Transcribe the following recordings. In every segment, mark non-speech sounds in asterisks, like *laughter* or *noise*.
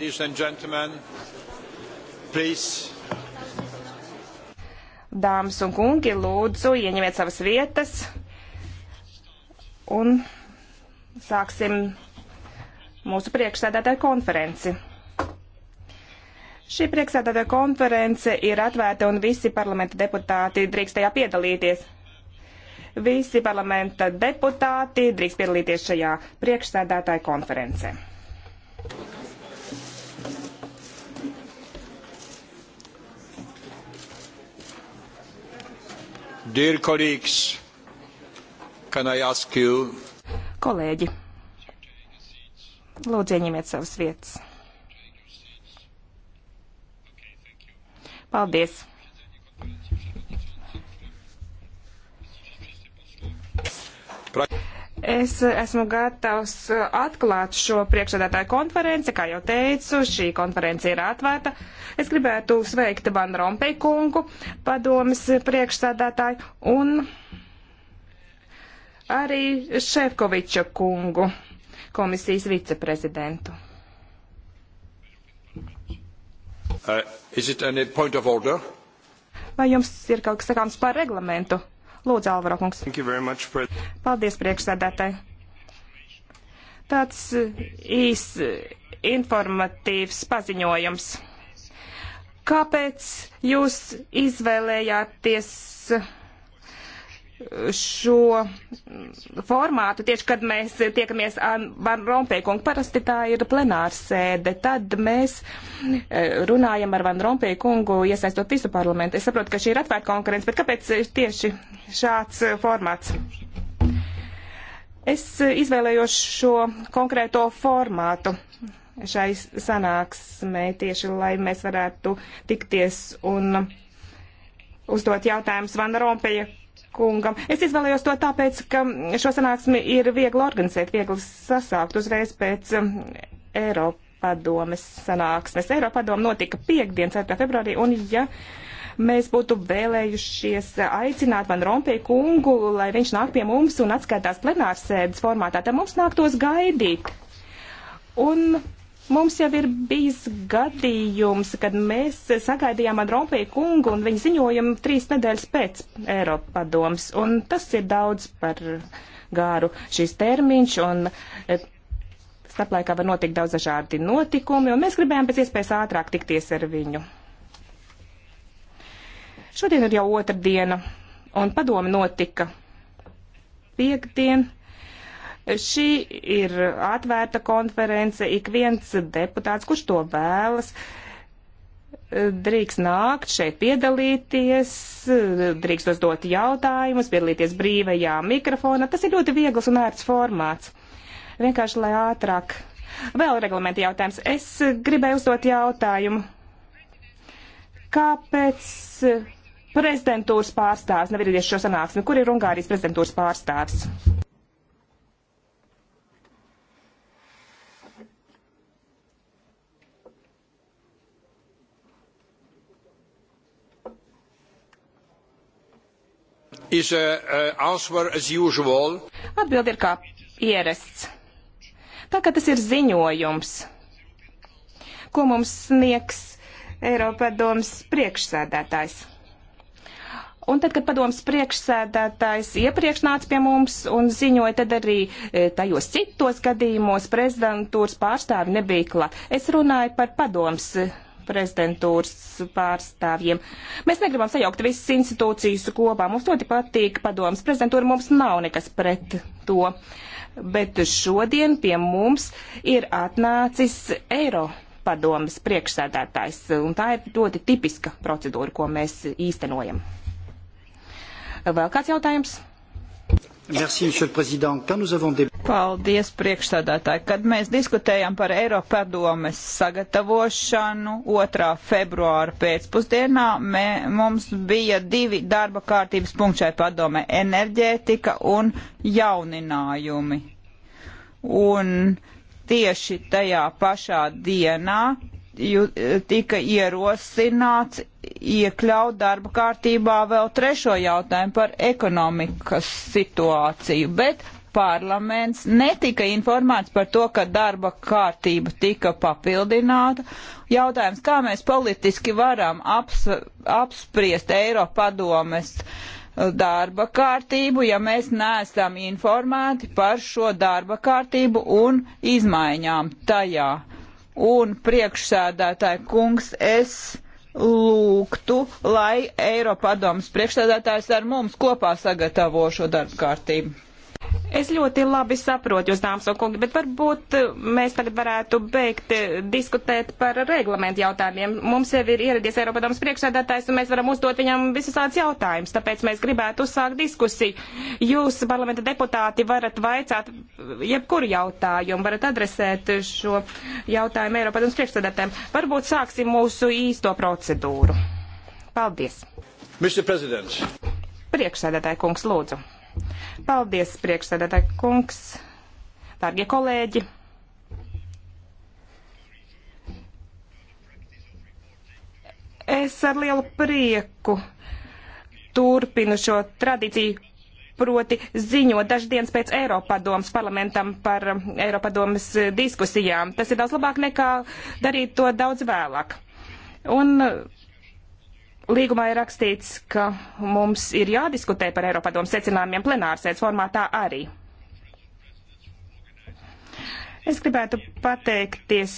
Ladies and gentlemen, please. Dāmas un kungi, lūdzu, ieņemiet savas vietas un sāksim mūsu priekšsēdētāju konferenci. Šī priekšsēdētāja konference ir atvērta un visi parlamenta deputāti drīkst tajā piedalīties. Visi parlamenta deputāti drīkst piedalīties šajā priekšsēdētāja konferencē. Dear colleagues, can I ask you? Kolēģi, lūdzu ieņemiet savas vietas. Paldies. Pra Es esmu gatavs uh, atklāt šo priekšsēdētāju konferenci, kā jau teicu, šī konference ir atvērta. Es gribētu sveikt Van Rompei kungu, padomas priekšsēdētāju, un arī Šefkoviča kungu, komisijas viceprezidentu. Uh, Vai jums ir kaut kas sakāms par reglamentu? Lūdzu, Alvaro kungs. Paldies, priekšsēdētāji. Tāds uh, īs uh, informatīvs paziņojums. Kāpēc jūs izvēlējāties? šo formātu, tieši kad mēs tiekamies ar Van Rompēkungu, parasti tā ir plenārsēde, tad mēs eh, runājam ar Van Rompēkungu, iesaistot visu parlamentu. Es saprotu, ka šī ir atvērta konkurence, bet kāpēc tieši šāds eh, formāts? Es eh, izvēlējos šo konkrēto formātu šai sanāksmē tieši, lai mēs varētu tikties un uzdot jautājumus Van Rompēja kungam. Es izvēlējos to tāpēc, ka šo sanāksmi ir viegli organizēt, viegli sasākt uzreiz pēc um, Eiropadomes sanāksmes. Eiropadoma notika piekdien, 4. februārī, un ja mēs būtu vēlējušies aicināt Van Rompēju kungu, lai viņš nāk pie mums un atskaitās plenārsēdes formātā, tad mums nāktos gaidīt. Un Mums jau ir bijis gadījums, kad mēs sagaidījām Andrompiju kungu un viņa ziņojumu trīs nedēļas pēc Eiropa padoms, un tas ir daudz par gāru šīs termiņš, un e, starplaikā var notikt daudz dažādi notikumi, un mēs gribējām pēc iespējas ātrāk tikties ar viņu. Šodien ir jau otra diena, un padomi notika piekdien Šī ir atvērta konference, ik viens deputāts, kurš to vēlas, drīkst nākt šeit piedalīties, drīkst uzdot jautājumus, piedalīties brīvajā mikrofonā. Tas ir ļoti viegls un ērts formāts. Vienkārši, lai ātrāk. Vēl reglamenta jautājums. Es gribēju uzdot jautājumu. Kāpēc prezidentūras pārstāvis nevar ieradies šo sanāksmi? Kur ir Ungārijas prezidentūras pārstāvis? is a, a answer as usual. Atbild ir kā ierasts. Tā kā tas ir ziņojums, ko mums sniegs Eiropadoms priekšsēdētājs. Un tad, kad padoms priekšsēdētājs iepriekš nāca pie mums un ziņoja, tad arī eh, tajos citos gadījumos prezidentūras pārstāvi nebija klāt. Es runāju par padoms eh, prezidentūras pārstāvjiem. Mēs negribam sajaukt visas institūcijas kopā. Mums ļoti patīk padomas prezidentūra, mums nav nekas pret to. Bet šodien pie mums ir atnācis eiro padomas priekšsēdētājs, un tā ir ļoti tipiska procedūra, ko mēs īstenojam. Vēl kāds jautājums? Merci, Monsieur le Président. Quand nous avons débat... Paldies, priekšsādātāji. Kad mēs diskutējām par Eiropadomes sagatavošanu 2. februāra pēcpusdienā, mē, mums bija divi darba kārtības punkti šai padome - enerģētika un jauninājumi. Un tieši tajā pašā dienā tika ierosināts iekļaut darba kārtībā vēl trešo jautājumu par ekonomikas situāciju, bet parlaments netika informēts par to, ka darba kārtība tika papildināta. Jautājums, kā mēs politiski varam aps, apspriest Eiropadomes uh, darba kārtību, ja mēs neesam informēti par šo darba kārtību un izmaiņām tajā. Uh, un priekšsēdētāja kungs, es lūgtu, lai Eiropadomas priekšsēdētājs ar mums kopā sagatavo šo darbu kārtību. Es ļoti labi saprotu jūs, dāmas un kungi, bet varbūt eh, mēs tagad varētu beigt eh, diskutēt par reglamentu jautājumiem. Mums jau ir ieradies Eiropadomas priekšsēdētājs, un mēs varam uzdot viņam visus tādus jautājumus, tāpēc mēs gribētu uzsākt diskusiju. Jūs, parlamenta deputāti, varat vaicāt eh, jebkuru jautājumu, varat adresēt šo jautājumu Eiropadomas priekšsēdētājiem. Varbūt sāksim mūsu īsto procedūru. Paldies. Priekšsēdētāja kungs, lūdzu. Paldies, priekšsēdētāji kungs, dārgie kolēģi. Es ar lielu prieku turpinu šo tradīciju proti ziņo daždienas pēc Eiropadomas parlamentam par Eiropadomas diskusijām. Tas ir daudz labāk nekā darīt to daudz vēlāk. Un Līgumā ir rakstīts, ka mums ir jādiskutē par Eiropadomu secinājumiem plenārsēdes formātā arī. Es gribētu pateikties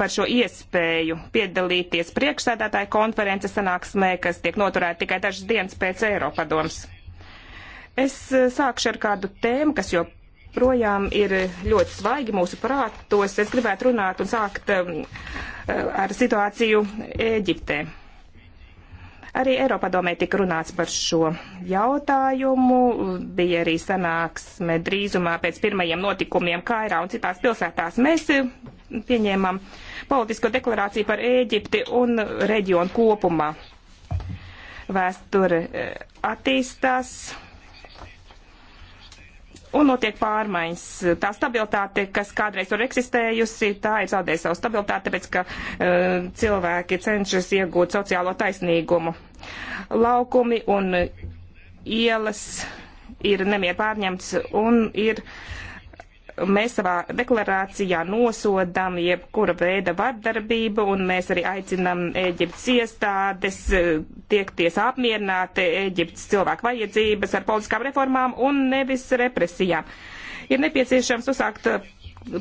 par šo iespēju piedalīties priekšsēdētāju konferences sanāksmē, kas tiek noturēta tikai dažas dienas pēc Eiropadoms. Es eh, sākšu ar kādu tēmu, kas joprojām ir ļoti svaigi mūsu prātos. Es gribētu runāt un sākt eh, eh, ar situāciju Ēģiptē. Arī Eiropadomē tika runāts par šo jautājumu. Bija arī sanāksme drīzumā pēc pirmajiem notikumiem Kairā un citās pilsētās. Mēs pieņēmām politisko deklarāciju par Ēģipti un reģionu kopumā. Vēsture eh, attīstās un notiek pārmaiņas. Tā stabilitāte, kas kādreiz tur eksistējusi, tā ir zaudējusi savu stabilitāti, tāpēc ka uh, cilvēki cenšas iegūt sociālo taisnīgumu. Laukumi un ielas ir nemierpārņemts un ir uh, Mēs savā deklarācijā nosodām jebkura veida vardarbību, un mēs arī aicinām Eģiptes iestādes eh, tiekties apmierināt Eģiptes cilvēku vajadzības ar politiskām reformām un nevis represijām. Ir nepieciešams uzsākt eh,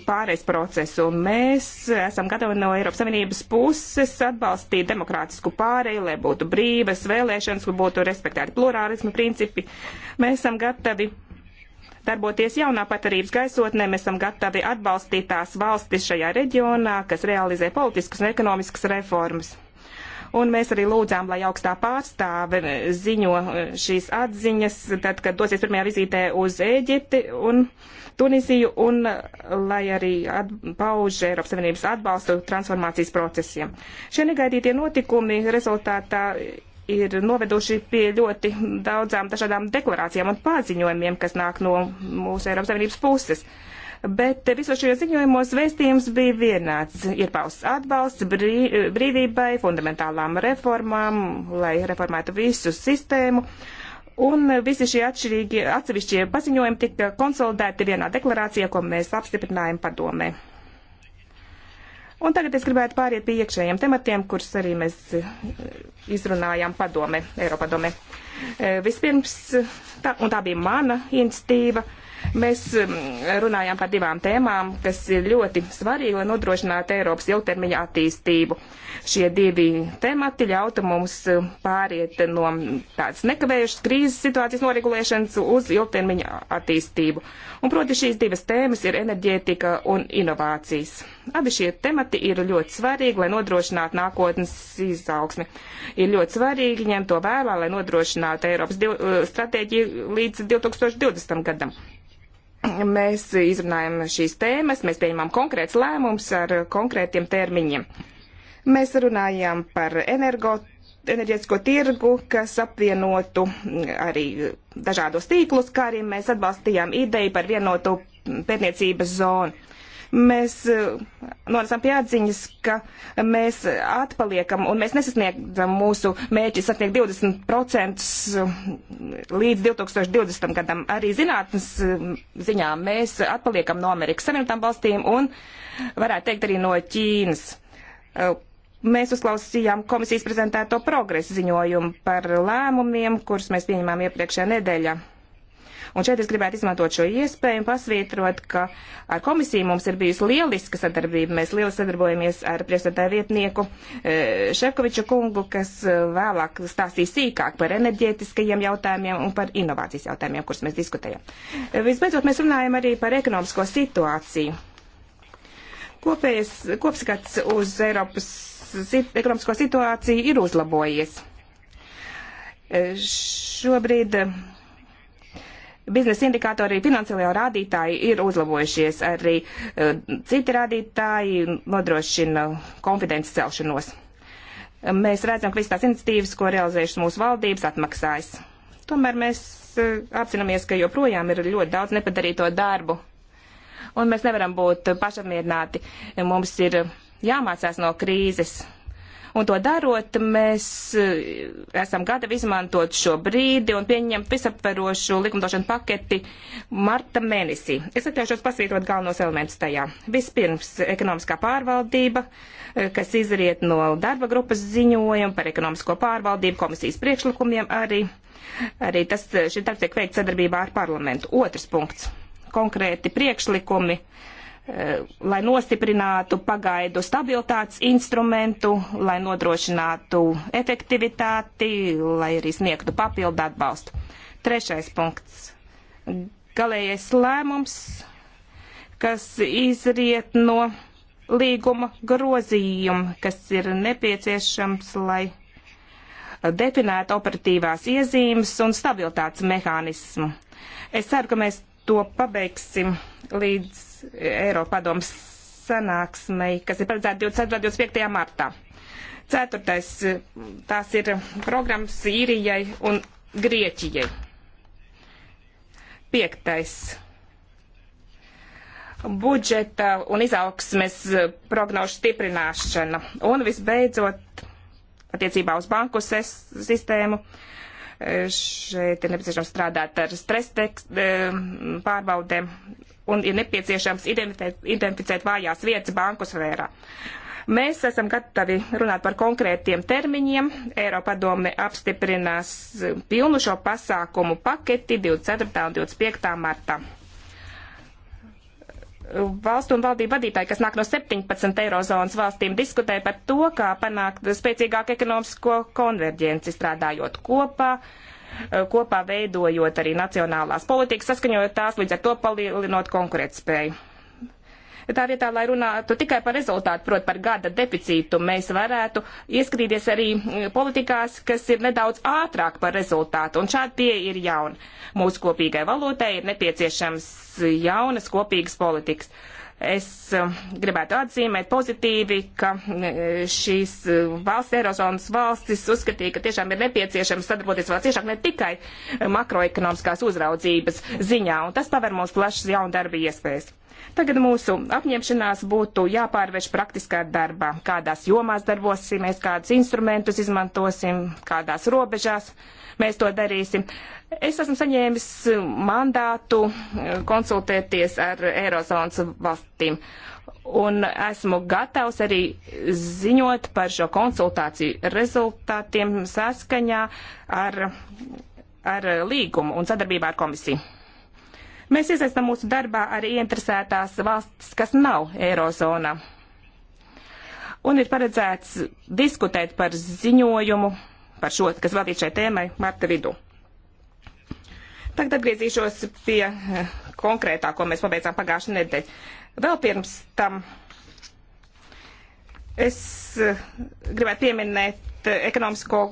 pārējais process, un mēs esam gatavi no Eiropas Savienības puses atbalstīt demokrātisku pārēju, lai būtu brīvas vēlēšanas, lai būtu respektēti plurālismu principi. Mēs esam gatavi darboties jaunā patarības gaisotnē. Mēs esam gatavi atbalstīt tās valstis šajā reģionā, kas realizē politiskas un ekonomiskas reformas. Un mēs arī lūdzām, lai augstā pārstāve ziņo eh, šīs atziņas, tad, kad dosies pirmajā vizītē uz Ēģipti un Tunisiju, un eh, lai arī pauž Eiropas Savienības atbalstu transformācijas procesiem. Šie negaidītie notikumi rezultātā ir noveduši pie ļoti daudzām dažādām deklarācijām un paziņojumiem, kas nāk no mūsu Eiropas Savienības puses. Bet visos šajos ziņojumos vēstījums bija vienāds. Ir pausts atbalsts brī, brīvībai, fundamentālām reformām, lai reformētu visu sistēmu. Un visi šie atšķirīgi atsevišķie paziņojumi tika konsolidēti vienā deklarācijā, ko mēs apstiprinājām padomē. Un tagad es gribētu pāriet pie iekšējiem tematiem, kurus arī mēs eh, izrunājām padome, Eiropadome. Eh, vispirms, tā, un tā bija mana institīva, uh, Mēs um, runājām par divām tēmām, kas ir ļoti svarīgi, lai nodrošinātu Eiropas ilgtermiņa attīstību. Šie divi temati ļauta mums um, pāriet no tādas nekavējušas krīzes situācijas noregulēšanas uz ilgtermiņa attīstību. Un proti šīs divas tēmas ir enerģētika un inovācijas. Abi šie temati ir ļoti svarīgi, lai nodrošinātu nākotnes izaugsmi. Ir ļoti svarīgi ņemt to vērā, lai nodrošinātu Eiropas uh, stratēģiju līdz 2020. gadam. Mēs izrunājam šīs tēmas, mēs pieņemam konkrēts lēmums ar konkrētiem termiņiem. Mēs runājam par energo, enerģētisko tirgu, kas apvienotu arī dažādos tīklus, kā arī mēs atbalstījām ideju par vienotu pētniecības zonu mēs e, nonācām pie atziņas, ka mēs atpaliekam un mēs nesasniegam mūsu mērķi sasniegt 20% e, līdz 2020. gadam. Arī zinātnes e, ziņā mēs atpaliekam no Amerikas Savienotām valstīm un varētu teikt arī no Ķīnas. Mēs uzklausījām komisijas prezentēto progresu ziņojumu par lēmumiem, kurus mēs pieņemām iepriekšējā nedēļā. Un šeit es gribētu izmantot šo iespēju un pasvītrot, ka ar komisiju mums ir bijusi lieliska sadarbība. Mēs lieliski sadarbojamies ar priekšstādāju vietnieku eh, Šefkoviču kungu, kas eh, vēlāk stāstīs sīkāk par enerģētiskajiem jautājumiem un par inovācijas jautājumiem, kurus mēs diskutējam. Eh, visbeidzot, mēs runājam arī par ekonomisko situāciju. Kopējais, kopskats uz Eiropas sit, ekonomisko situāciju ir uzlabojies. Šobrīd biznesa indikātori, finansiālajā rādītāji ir uzlabojušies, arī eh, citi rādītāji nodrošina konfidences celšanos. Mēs redzam, ka visas tās iniciatīvas, ko realizējušas mūsu valdības, atmaksājas. Tomēr mēs eh, apzināmies, ka joprojām ir ļoti daudz nepadarīto darbu, un mēs nevaram būt pašapmierināti. Mums ir jāmācās no krīzes Un to darot, mēs e, esam gatavi izmantot šo brīdi un pieņemt visaptverošu likumdošanu paketi marta mēnesī. Es atļaušos pasvītrot galvenos elementus tajā. Vispirms ekonomiskā pārvaldība, e, kas izriet no darba grupas ziņojuma par ekonomisko pārvaldību komisijas priekšlikumiem arī. Arī tas šī darbs tiek veikts sadarbībā ar parlamentu. Otrs punkts konkrēti priekšlikumi Eh, lai nostiprinātu pagaidu stabilitātes instrumentu, lai nodrošinātu efektivitāti, lai arī sniegtu papildu atbalstu. Trešais punkts. Galējais lēmums, kas izriet no līguma grozījuma, kas ir nepieciešams, lai definētu operatīvās iezīmes un stabilitātes mehānismu. Es ceru, ka mēs to pabeigsim līdz Eiropadomas sanāksmei, kas ir paredzēta 24. un 25. martā. Ceturtais, tās ir programmas Sīrijai un Grieķijai. Piektais, budžeta un izaugsmes prognožu stiprināšana. Un visbeidzot, attiecībā uz banku sistēmu, šeit ir nepieciešams strādāt ar stresa eh, pārbaudēm un ir nepieciešams identificēt, identificēt vājās vietas banku sfērā. Mēs esam gatavi runāt par konkrētiem termiņiem. Eiropa doma apstiprinās pilnu šo pasākumu paketi 24. un 25. martā. Valstu un valdību vadītāji, kas nāk no 17 eirozonas valstīm, diskutē par to, kā panākt spēcīgāku ekonomisko konverģenci strādājot kopā, uh, Eh, kopā veidojot arī nacionālās politikas, saskaņojot tās, līdz ar to palielinot konkurētspēju. Tā vietā, lai runātu tikai par rezultātu, proti par gada deficītu, mēs varētu ieskrīties arī eh, politikās, kas ir nedaudz ātrāk par rezultātu, un šādi tie ir jauni. Mūsu kopīgai valūtai ir nepieciešams jaunas kopīgas politikas. Uh, Es eh, gribētu atzīmēt pozitīvi, ka eh, šīs eh, valsts, Eirozonas valstis uzskatīja, ka tiešām ir nepieciešams sadarboties vēl ciešāk ne tikai makroekonomiskās uzraudzības ziņā, un tas paver mums plašas jaunu darbu iespējas. Tagad mūsu apņemšanās būtu jāpārvērš praktiskā darbā, kādās jomās darbosimies, kādus instrumentus izmantosim, kādās robežās. Uh, mēs to darīsim. Es esmu saņēmis mandātu eh, konsultēties ar Eirozonas valstīm. Un esmu gatavs arī ziņot par šo konsultāciju rezultātiem saskaņā ar, ar līgumu un sadarbībā ar komisiju. Mēs iesaistām mūsu darbā arī interesētās valstis, kas nav Eirozonā. Un ir paredzēts diskutēt par ziņojumu par šo, kas veltīts šai tēmai marta vidū. Tagad atgriezīšos pie eh, konkrētā, ko mēs pabeidzām pagājušajā nedēļā. Vēl pirms tam es eh, gribētu pieminēt eh, ekonomisko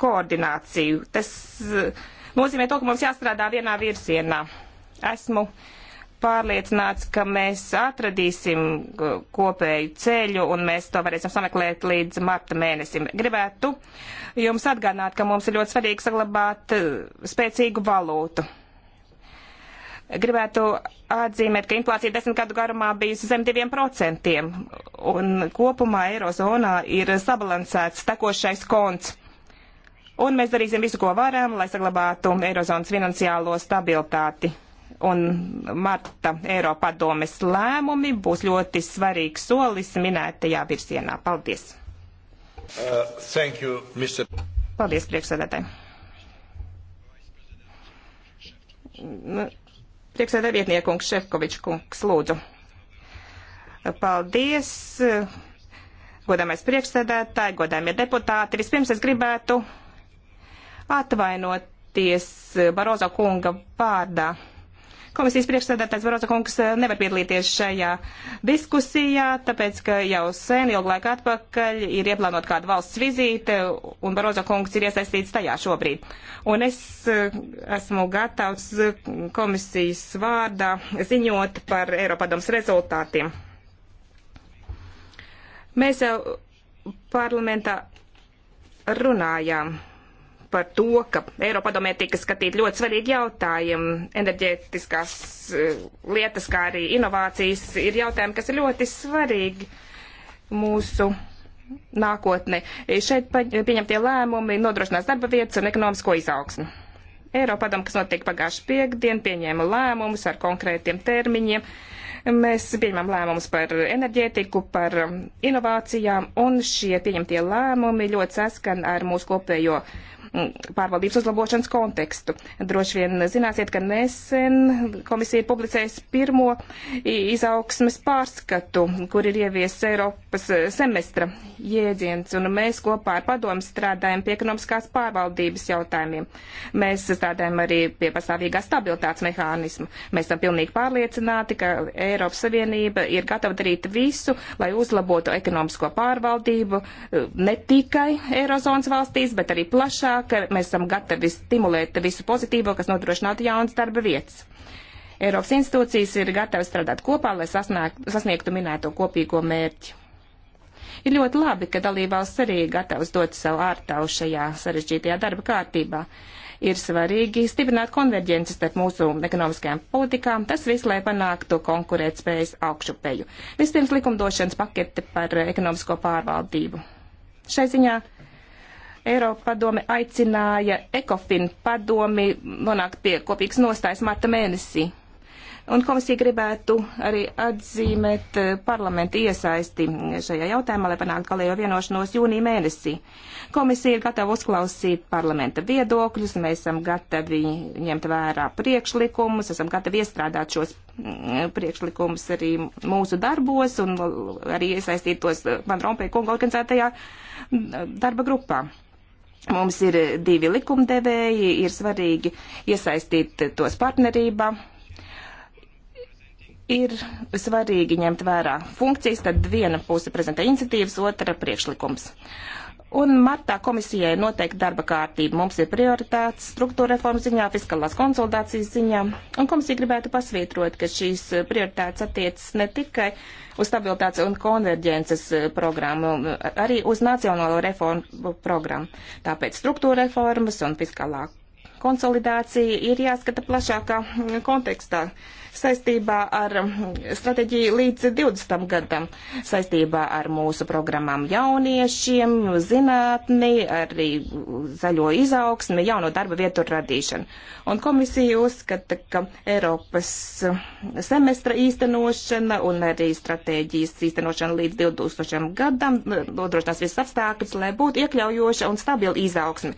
koordināciju. Tas nozīmē to, ka mums jāstrādā vienā virzienā. Esmu uh, pārliecināts, ka mēs atradīsim kopēju ceļu un mēs to varēsim sameklēt līdz marta mēnesim. Gribētu jums atgādināt, ka mums ir ļoti svarīgi saglabāt eh, spēcīgu valūtu. Gribētu atzīmēt, ka inflācija desmit gadu garumā bijusi zem diviem procentiem un kopumā Eirozonā ir sabalansēts tekošais konts. Un mēs darīsim visu, ko varam, lai saglabātu Eirozonas finansiālo stabilitāti un marta Eiropadomes lēmumi būs ļoti svarīgs solis minētajā virsienā. Paldies! Uh, thank you, Mr. Paldies, priekšsēdētāji. Nu, priekšsēdētāji vietniekungs Šefkovičs kungs, lūdzu. Paldies, godāmais priekšsēdētāji, godāmie deputāti. Vispirms es gribētu atvainoties Barozo kunga vārdā Komisijas priekšsēdētājs Baroza kungs eh, nevar piedalīties šajā diskusijā, tāpēc, ka jau sen, ilgu laiku atpakaļ ir ieplānot kādu valsts vizīti, un Baroza kungs ir iesaistīts tajā šobrīd. Un es eh, esmu gatavs komisijas vārdā ziņot par Eiropadoms rezultātiem. Mēs jau parlamentā runājām par to, ka Eiropadomē tika skatīt ļoti svarīgi jautājumi. Enerģētiskās eh, lietas, kā arī inovācijas, ir jautājumi, kas ir ļoti svarīgi mūsu nākotne. Šeit pieņemtie lēmumi nodrošinās darba vietas un ekonomisko izaugsmu. Eiropadam, kas notiek pagājuši piekdien, pieņēma lēmumus ar konkrētiem termiņiem. Mēs pieņemam lēmumus par enerģētiku, par inovācijām, un šie pieņemtie lēmumi ļoti saskan ar mūsu kopējo pārvaldības uzlabošanas kontekstu. Droši vien zināsiet, ka nesen komisija ir publicējusi pirmo izaugsmes pārskatu, kur ir ieviesis Eiropas semestra jēdziens, un mēs kopā ar padomu strādājam pie ekonomiskās pārvaldības jautājumiem. Mēs strādājam arī pie pastāvīgā stabilitātes mehānismu. Mēs esam pilnīgi pārliecināti, ka Eiropas Savienība ir gatava darīt visu, lai uzlabotu ekonomisko pārvaldību e, ne tikai Eirozonas valstīs, bet arī plašāk ka mēs esam gatavi stimulēt visu pozitīvo, kas nodrošinātu jaunas darba vietas. Eiropas institūcijas ir gatavas strādāt kopā, lai sasniegtu, sasniegtu minēto kopīgo mērķi. Ir ļoti labi, ka dalībvalsts arī ir gatavs dot savu ārtavu šajā sarežģītajā darba kārtībā. Ir svarīgi stiprināt konverģenci starp mūsu ekonomiskajām politikām, tas viss, lai panāktu konkurētspējas augšupeju. Vispirms likumdošanas pakete par ekonomisko pārvaldību. Šai ziņā Eiropa padome aicināja ECOFIN padomi nonākt pie kopīgas nostājas marta mēnesī. Un komisija gribētu arī atzīmēt eh, parlamentu iesaisti šajā jautājumā, lai panāktu galējo vienošanos jūnija mēnesī. Komisija ir gatava uzklausīt parlamenta viedokļus, mēs esam gatavi ņemt vērā priekšlikumus, esam gatavi iestrādāt šos mm, priekšlikumus arī mūsu darbos un arī iesaistīt tos man eh, Rompēja kunga organizētajā mm, darba grupā. Mums ir divi likumdevēji, ir svarīgi iesaistīt tos partnerībā. Ir svarīgi ņemt vērā funkcijas, tad viena puse prezentē iniciatīvas, otra priekšlikums. Uh, Un martā komisijai noteikti darba kārtība. Mums ir prioritātes struktūra reformas ziņā, fiskalās konsultācijas ziņā. Un komisija gribētu pasvītrot, ka šīs prioritātes attiecas ne tikai uz stabilitātes un konverģences eh, programmu, arī uz nacionālo reformu programmu. Tāpēc struktūra reformas un fiskālā konsolidācija ir jāskata plašākā mm, kontekstā. Uh, saistībā ar um, stratēģiju līdz 20. gadam, saistībā ar mūsu programmām jauniešiem, zinātni, arī zaļo izaugsmi, jauno darba vietu radīšanu. Un komisija uzskata, ka Eiropas um, semestra īstenošana un arī stratēģijas īstenošana līdz 2000. gadam um, nodrošinās visus apstākļus, lai būtu iekļaujoša un stabila izaugsme.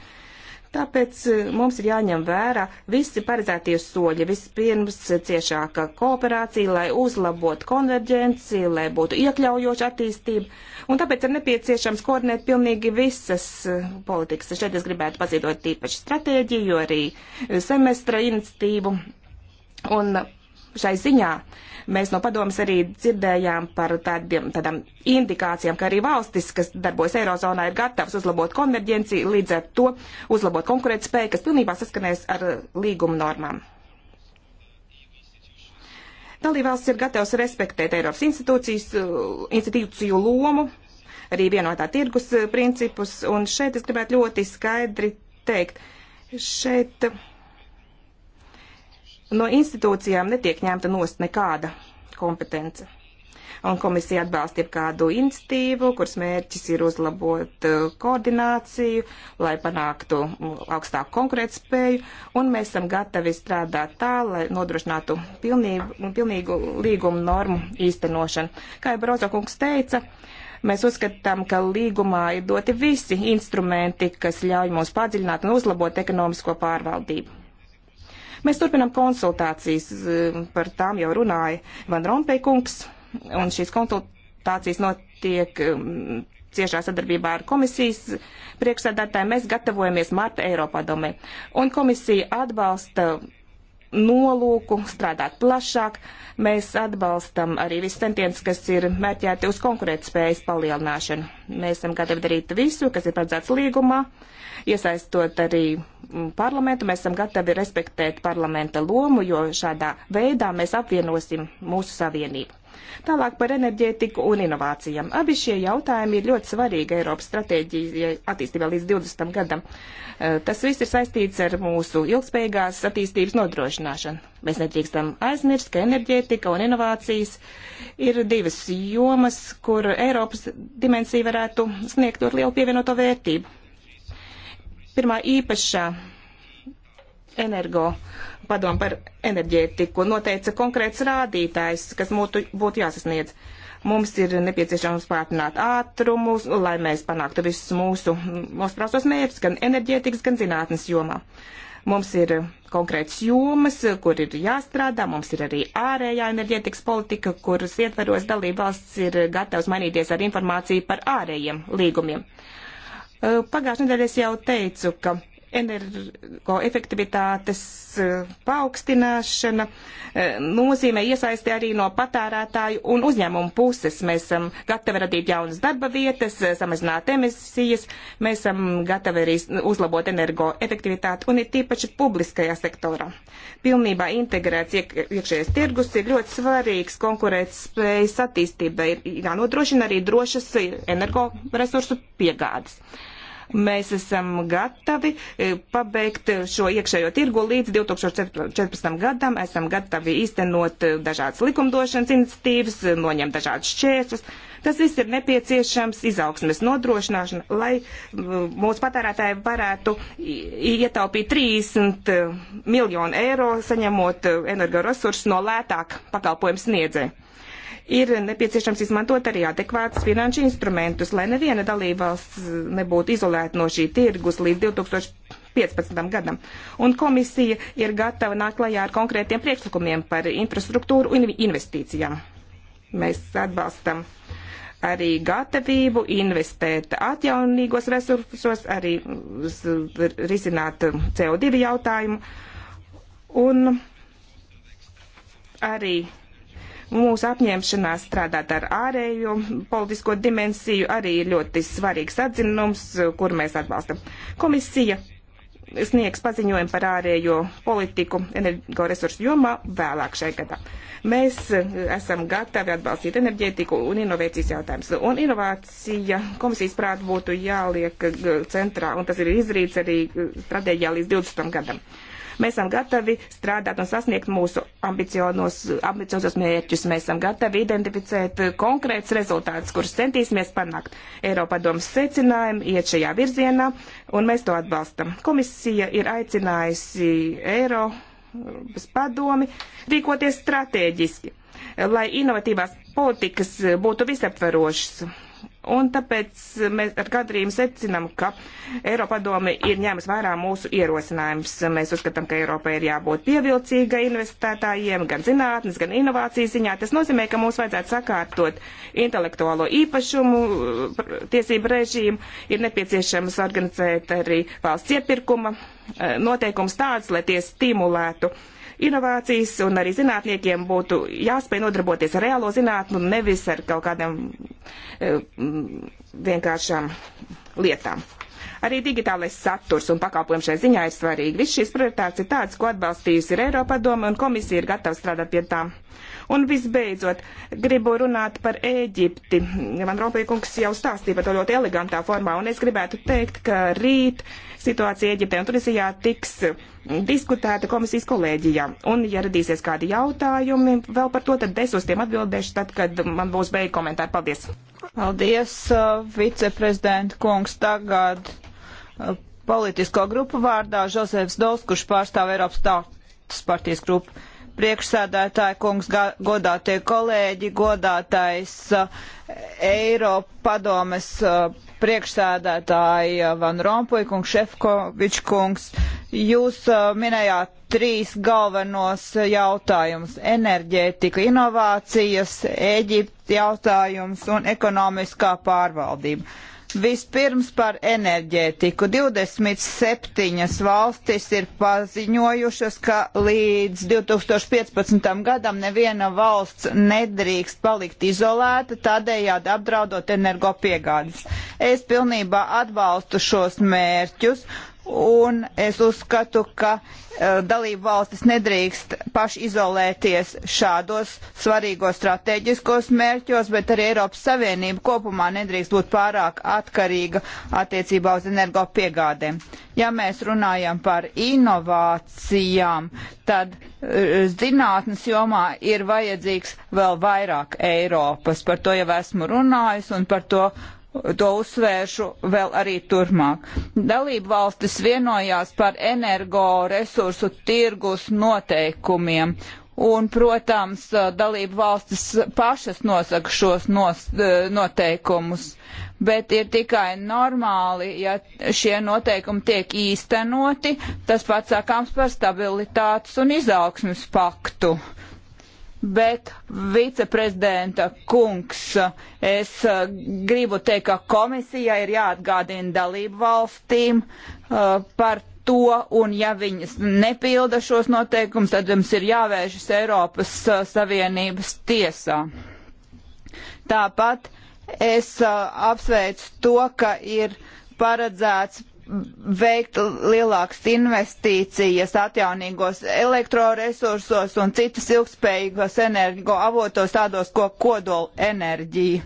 Tāpēc eh, mums ir jāņem vērā visi paredzētie soļi. Vispirms eh, ciešāka kooperācija, lai uzlabotu konverģenci, lai būtu iekļaujoša attīstība. Un tāpēc ir nepieciešams koordinēt pilnīgi visas eh, politikas. Šeit es gribētu pazīdot tīpaši stratēģiju, arī semestra iniciatīvu. Un šai ziņā Mēs no padomas arī dzirdējām par tādiem, tādām indikācijām, ka arī valstis, kas darbojas Eirozonā, ir gatavs uzlabot konverģenci, līdz ar to uzlabot konkurētspēju, kas pilnībā saskanēs ar līguma normām. Dalībvalsts ir gatavs respektēt Eiropas institūcijas, institūciju lomu, arī vienotā tirgus principus, un šeit es gribētu ļoti skaidri teikt, šeit No institūcijām netiek ņemta nost nekāda kompetence. Un komisija atbalsta jebkādu institīvu, kuras mērķis ir uzlabot uh, koordināciju, lai panāktu mm, augstāku konkurētspēju, un mēs esam gatavi strādāt tā, lai nodrošinātu pilnību, nu, pilnīgu līgumu normu īstenošanu. Kā jau Brozo kungs teica, mēs uzskatām, ka līgumā ir doti visi instrumenti, kas ļauj mums padziļināt un uzlabot ekonomisko pārvaldību. Mēs turpinam konsultācijas, eh, par tām jau runāja Van Rompeikungs, un šīs konsultācijas notiek mm, ciešā sadarbībā ar komisijas priekšsēdētājiem. Mēs gatavojamies Marta Eiropadomē, un komisija atbalsta nolūku strādāt plašāk. Mēs atbalstam arī visus centienus, kas ir mērķēti uz konkurētspējas palielināšanu. Mēs esam gatavi darīt visu, kas ir paredzēts līgumā, iesaistot arī mm, parlamentu. Mēs esam gatavi respektēt parlamenta lomu, jo šādā veidā mēs apvienosim mūsu savienību. Tālāk par enerģētiku un inovācijām. Abi šie jautājumi ir ļoti svarīgi Eiropas stratēģijai attīstībā līdz 20. gadam. Eh, tas viss ir saistīts ar mūsu ilgspējīgās attīstības nodrošināšanu. Mēs nedrīkstam aizmirst, ka enerģētika un inovācijas ir divas jomas, kur Eiropas dimensija varētu sniegt ļoti lielu pievienoto vērtību. Pirmā īpašā energo uh, padomu par enerģētiku noteica konkrēts rādītājs, kas mūtu, būtu jāsasniedz. Mums ir nepieciešams pātrināt ātrumus, lai mēs panāktu visus mūsu nospraustos mērķus gan enerģētikas, gan zinātnes jomā. Mums ir konkrēts jomas, kur ir jāstrādā, mums ir arī ārējā enerģētikas politika, kuras ietveros dalībvalsts ir gatavs mainīties ar informāciju par ārējiem līgumiem. Pagājušajā nedēļā es jau teicu, ka energoefektivitātes eh, paaugstināšana eh, nozīmē iesaisti arī no patērētāju un uzņēmumu puses. Mēs esam gatavi radīt jaunas darba vietas, eh, samazināt emisijas, mēs esam gatavi arī uzlabot energoefektivitāti un ir tīpaši publiskajā sektorā. Pilnībā integrēts iekšējais tirgus ir ļoti svarīgs konkurētspējas attīstībai, jānodrošina arī drošas energoresursu piegādes. Mēs esam gatavi e, pabeigt šo iekšējo tirgu līdz 2014. gadam. Esam gatavi īstenot e, dažādas likumdošanas iniciatīvas, noņemt dažādas šķēršļus. Tas viss ir nepieciešams izaugsmes nodrošināšana, lai mūsu patērētāji varētu ietaupīt 30 e, miljonu eiro, saņemot energoresursus no lētāk pakalpojumu sniedzēja ir nepieciešams izmantot arī adekvātus finanšu instrumentus, lai neviena dalībvalsts nebūtu izolēta no šī tirgus līdz 2015. gadam. Un komisija ir gatava nākt klajā ar konkrētiem priekšlikumiem par infrastruktūru un investīcijām. Mēs atbalstam arī gatavību investēt atjaunīgos resursos, arī risināt CO2 jautājumu un arī Mūsu apņemšanās strādāt ar ārējo politisko dimensiju arī ir ļoti svarīgs atzinums, kur mēs atbalstam. Komisija sniegs paziņojumu par ārējo politiku energoresursu jomā vēlāk šajā gadā. Mēs eh, esam gatavi atbalstīt enerģētiku un inovācijas jautājumus. Un inovācija komisijas prāt būtu jāliek eh, centrā, un tas ir izrīts arī eh, stratēģijā līdz 20. gadam. Mēs esam gatavi strādāt un sasniegt mūsu ambiciozos mērķus. Mēs esam gatavi identificēt konkrēts rezultāts, kurus centīsimies panākt. Eiropadomas secinājumi iet šajā virzienā, un mēs to atbalstam. Komisija ir aicinājusi Eiro padomi rīkoties stratēģiski, lai inovatīvās politikas būtu visaptverošas Un tāpēc mēs ar gadrību secinam, ka Eiropadome ir ņēmis vērā mūsu ierosinājumus. Mēs uzskatām, ka Eiropai ir jābūt pievilcīgai investētājiem gan zinātnes, gan inovācijas ziņā. Tas nozīmē, ka mums vajadzētu sakārtot intelektuālo īpašumu tiesību režīmu. Ir nepieciešams organizēt arī valsts iepirkuma eh, noteikums tāds, lai tie stimulētu uh, inovācijas un arī zinātniekiem būtu jāspēj nodarboties ar reālo zinātnu, nevis ar kaut kādām eh, mm, vienkāršām lietām. Arī digitālais saturs un pakalpojumi šai ziņā ir svarīgi. Viss šīs prioritātes ir tāds, ko atbalstījusi ir Eiropa doma un komisija ir gatava strādāt pie tām. Un visbeidzot, gribu runāt par Ēģipti. Man Robīkungs jau stāstīja par to ļoti elegantā formā, un es gribētu teikt, ka rīt situācija Ēģiptē un Tunisijā tiks diskutēta komisijas kolēģijā. Un, ja radīsies kādi jautājumi vēl par to, tad es uz tiem atbildēšu tad, kad man būs beig komentāri. Paldies! Paldies, uh, viceprezidenta kungs. Tagad uh, politisko grupu vārdā Žozefs Dols, kurš pārstāv Eiropas tautas partijas grupu priekšsēdētāja kungs, godātie kolēģi, godātais eh, Eiropa padomes eh, priekšsēdētāja eh, Van Rompuy kungs, Šefkovič kungs. Jūs minējāt trīs galvenos jautājumus - enerģētika, inovācijas, Eģipta jautājums un ekonomiskā pārvaldība Vispirms par enerģētiku. 27 valstis ir paziņojušas, ka līdz 2015. gadam neviena valsts nedrīkst palikt izolēta, tādējādi apdraudot energopiegādes. Es pilnībā atbalstu šos mērķus un es uzskatu, ka uh, dalību valstis nedrīkst pašizolēties šādos svarīgos strateģiskos mērķos, bet arī Eiropas Savienība kopumā nedrīkst būt pārāk atkarīga attiecībā uz energopiegādēm. Ja mēs runājam par inovācijām, tad uh, zinātnes jomā ir vajadzīgs vēl vairāk Eiropas. Par to jau esmu runājis un par to to uzsvēršu vēl arī turpmāk. Dalību valstis vienojās par energoresursu tirgus noteikumiem. Un, protams, dalību valstis pašas nosaka šos nos, eh, noteikumus, bet ir tikai normāli, ja šie noteikumi tiek īstenoti, tas pats sakāms par stabilitātes un izaugsmes paktu. Uh, Bet, viceprezidenta kungs, es uh, gribu teikt, ka komisija ir jāatgādina dalību valstīm uh, par to, un ja viņas nepilda šos noteikumus, tad jums ir jāvēršas Eiropas uh, Savienības tiesā. Tāpat es uh, apsveicu to, ka ir paredzēts veikt lielākas investīcijas atjaunīgos elektroresursos un citas ilgspējīgos energoavotos, tādos ko kodola enerģija.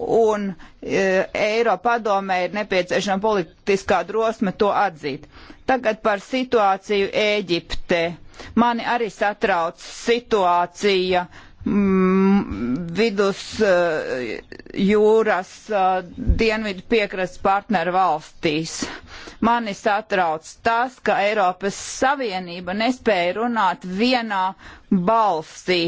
Un e, Eiropa padomē ir nepieciešama politiskā drosme to atzīt. Tagad par situāciju Ēģipte. Mani arī satrauc situācija. E, Mm, vidus eh, jūras eh, dienvidu piekrasts partneru valstīs. Mani satrauc tas, ka Eiropas Savienība nespēja runāt vienā balsī.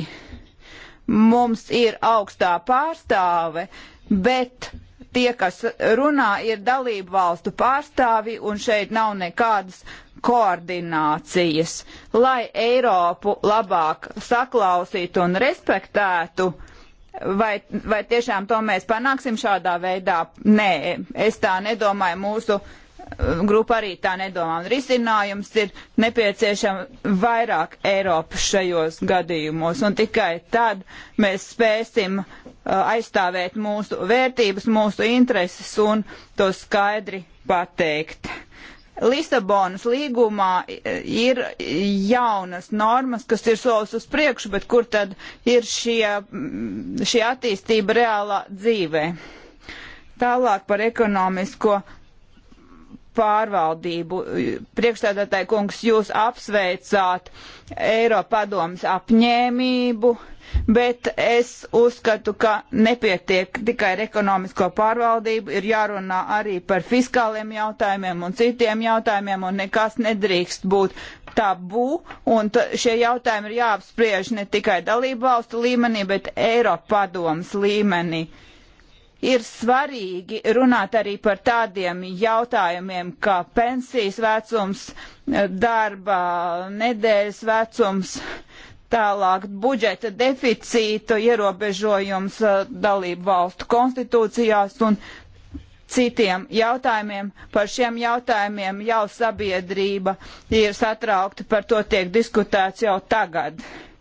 Mums ir augstā pārstāve, bet tie, kas runā, ir dalību valstu pārstāvi, un šeit nav nekādas koordinācijas, lai Eiropu labāk saklausītu un respektētu. Vai, vai tiešām to mēs panāksim šādā veidā? Nē, es tā nedomāju. Mūsu uh, grupa arī tā nedomā. Un risinājums ir nepieciešama vairāk Eiropas šajos gadījumos. Un tikai tad mēs spēsim uh, aizstāvēt mūsu vērtības, mūsu intereses un to skaidri pateikt. Uh, Lisabonas līgumā e, ir jaunas normas, kas ir solis uz priekšu, bet kur tad ir šie, šī attīstība reālā dzīvē? Tālāk par ekonomisko pārvaldību. Priekšstādātāji kungs, jūs apsveicāt Eiropadomas apņēmību, bet es uzskatu, ka nepietiek tikai ar ekonomisko pārvaldību, ir jārunā arī par fiskāliem jautājumiem un citiem jautājumiem, un nekas nedrīkst būt tabū, un šie jautājumi ir jāapspriež ne tikai dalību valstu līmenī, bet Eiropadomas līmenī. Uh, ir svarīgi runāt arī par tādiem jautājumiem, kā pensijas vecums, darba nedēļas vecums, tālāk budžeta deficīta ierobežojums eh, dalību valstu konstitūcijās un citiem jautājumiem. Par šiem jautājumiem jau sabiedrība ir satraukta, par to tiek diskutēts jau tagad. Uh,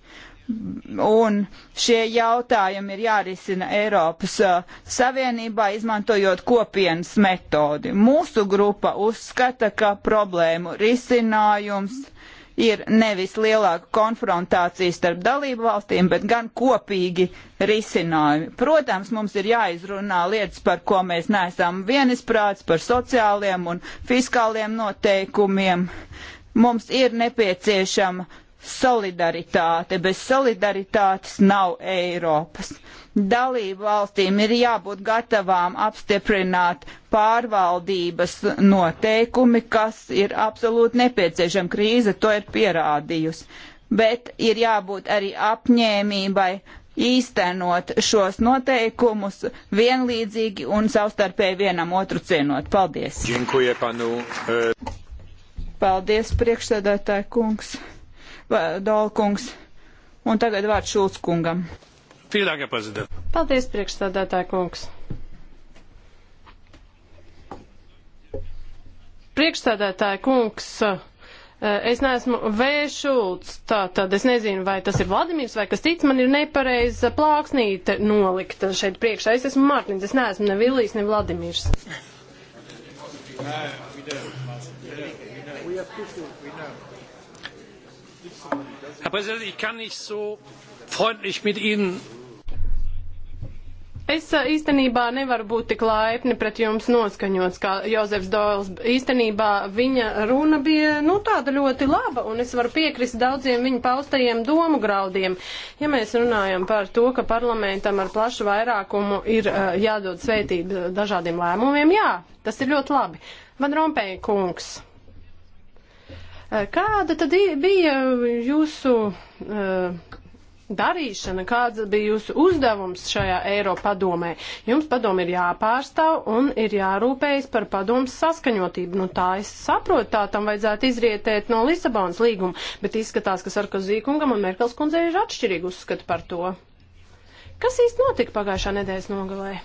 Un šie jautājumi ir jārisina Eiropas uh, Savienībā, izmantojot kopienas metodi. Mūsu grupa uzskata, ka problēmu risinājums ir nevis lielāka konfrontācija starp dalību valstīm, bet gan kopīgi risinājumi. Protams, mums ir jāizrunā lietas, par ko mēs neesam vienisprāts, par sociāliem un fiskāliem noteikumiem. Mums ir nepieciešama solidaritāte. Bez solidaritātes nav Eiropas. Dalību valstīm ir jābūt gatavām apstiprināt pārvaldības noteikumi, kas ir absolūti nepieciešama. Krīze to ir pierādījusi. Bet ir jābūt arī apņēmībai īstenot šos noteikumus vienlīdzīgi un savstarpēji vienam otru cienot. Paldies! Dziękuję panu. E, Paldies, priekšsēdētāji kungs! Dolkungs. Un tagad vārds Šulc kungam. Tīrākie prezidenti. Paldies, priekšstādātāja kungs. Priekšstādātāja kungs. Eh, es neesmu Vēšults, tā tad es nezinu, vai tas ir Vladimirs vai kas cits, man ir nepareiza plāksnīte nolikta šeit priekšā. Es esmu Mārtiņš, es neesmu ne Villijs, ne Vladimirs. Nē, we don't. We don't. We don't. We have people, we know. Herr Präsident, ich kann nicht so freundlich mit Ihnen. Es äh, īstenībā nevaru būt tik laipni pret jums noskaņots, kā Jozefs Doils. Īstenībā viņa runa bija, nu, tāda ļoti laba, un es varu piekrist daudziem viņa paustajiem domu graudiem. Ja mēs runājam par to, ka parlamentam ar plašu vairākumu ir uh, jādod sveitība dažādiem lēmumiem, jā, tas ir ļoti labi. Van Rompēja kungs. Eh, kāda tad bija jūsu uh, darīšana, kāds bija jūsu uzdevums šajā Eiropadomē. Jums padomi ir jāpārstāv un ir jārūpējas par padomus saskaņotību. Nu, tā es saprotu, tā tam vajadzētu izrietēt no Lisabonas līguma, bet izskatās, ka Sarkozī kungam un Merkels kundzei ir atšķirīgi uzskati par to. Kas īsti notika pagājušā nedēļas nogalē?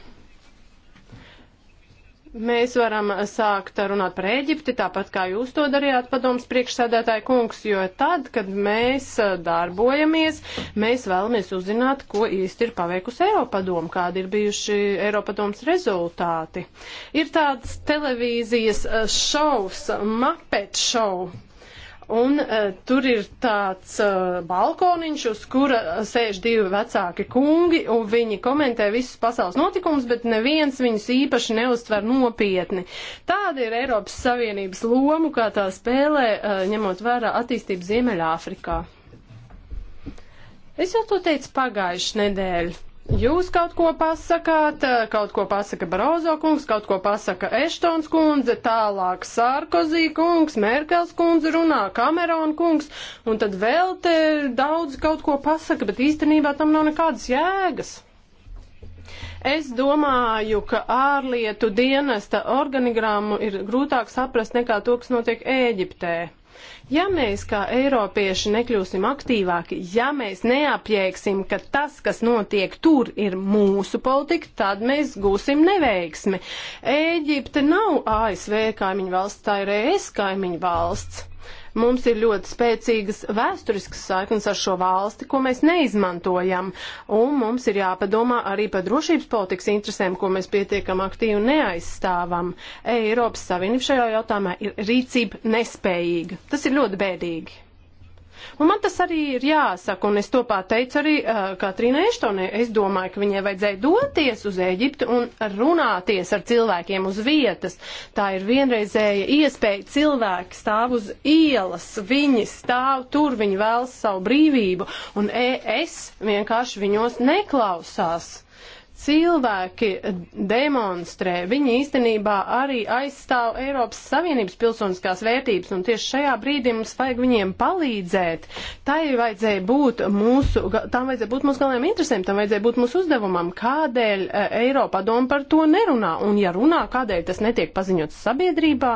Mēs varam sākt runāt par Ēģipti, tāpat kā jūs to darījāt, padoms priekšsēdētāji kungs, jo tad, kad mēs darbojamies, mēs vēlamies uzzināt, ko īsti ir paveikusi Eiropadoma, kādi ir bijuši Eiropadomas rezultāti. Ir tāds televīzijas šovs, Muppet Show, Un uh, tur ir tāds uh, balkoniņš, uz kura sēž divi vecāki kungi, un viņi komentē visus pasaules notikumus, bet neviens viņus īpaši neuztver nopietni. Tāda ir Eiropas Savienības loma, kā tā spēlē, uh, ņemot vērā attīstību Ziemeļāfrikā. Es jau to teicu pagājuši nedēļu. Jūs kaut ko pasakāt, kaut ko pasaka Barozo kungs, kaut ko pasaka Eštons kundze, tālāk Sarkozī kungs, Merkels kundze runā, Kamerona kungs, un tad vēl te daudz kaut ko pasaka, bet īstenībā tam nav nekādas jēgas. Es domāju, ka ārlietu dienesta organigrammu ir grūtāk saprast nekā to, kas notiek Ēģiptē. Ja mēs kā eiropieši nekļūsim aktīvāki, ja mēs neapjēgsim, ka tas, kas notiek tur, ir mūsu politika, tad mēs gūsim neveiksmi. Ēģipte nav ASV kaimiņu valsts, tā ir ES kaimiņu valsts. Mums ir ļoti spēcīgas vēsturiskas saiknes ar šo valsti, ko mēs neizmantojam, un mums ir jāpadomā arī par drošības politikas interesēm, ko mēs pietiekam aktīvi neaizstāvam. Eiropas Savienība šajā jautājumā ir rīcība nespējīga. Tas ir ļoti bēdīgi. Un nu, man tas arī ir jāsaka, un es to pateicu arī uh, Katrīnai Eštonai. Es domāju, ka viņai vajadzēja doties uz Eģiptu un runāties ar cilvēkiem uz vietas. Tā ir vienreizēja iespēja. Cilvēki stāv uz ielas, viņi stāv tur, viņi vēlas savu brīvību, un es vienkārši viņos neklausās cilvēki demonstrē, viņi īstenībā arī aizstāv Eiropas Savienības pilsoniskās vērtības, un tieši šajā brīdī mums vajag viņiem palīdzēt. Tai vajadzēja būt mūsu, tam vajadzēja būt mūsu galvenajām interesēm, tam vajadzēja būt mūsu uzdevumam, kādēļ e, Eiropa doma par to nerunā, un ja runā, kādēļ tas netiek paziņots sabiedrībā.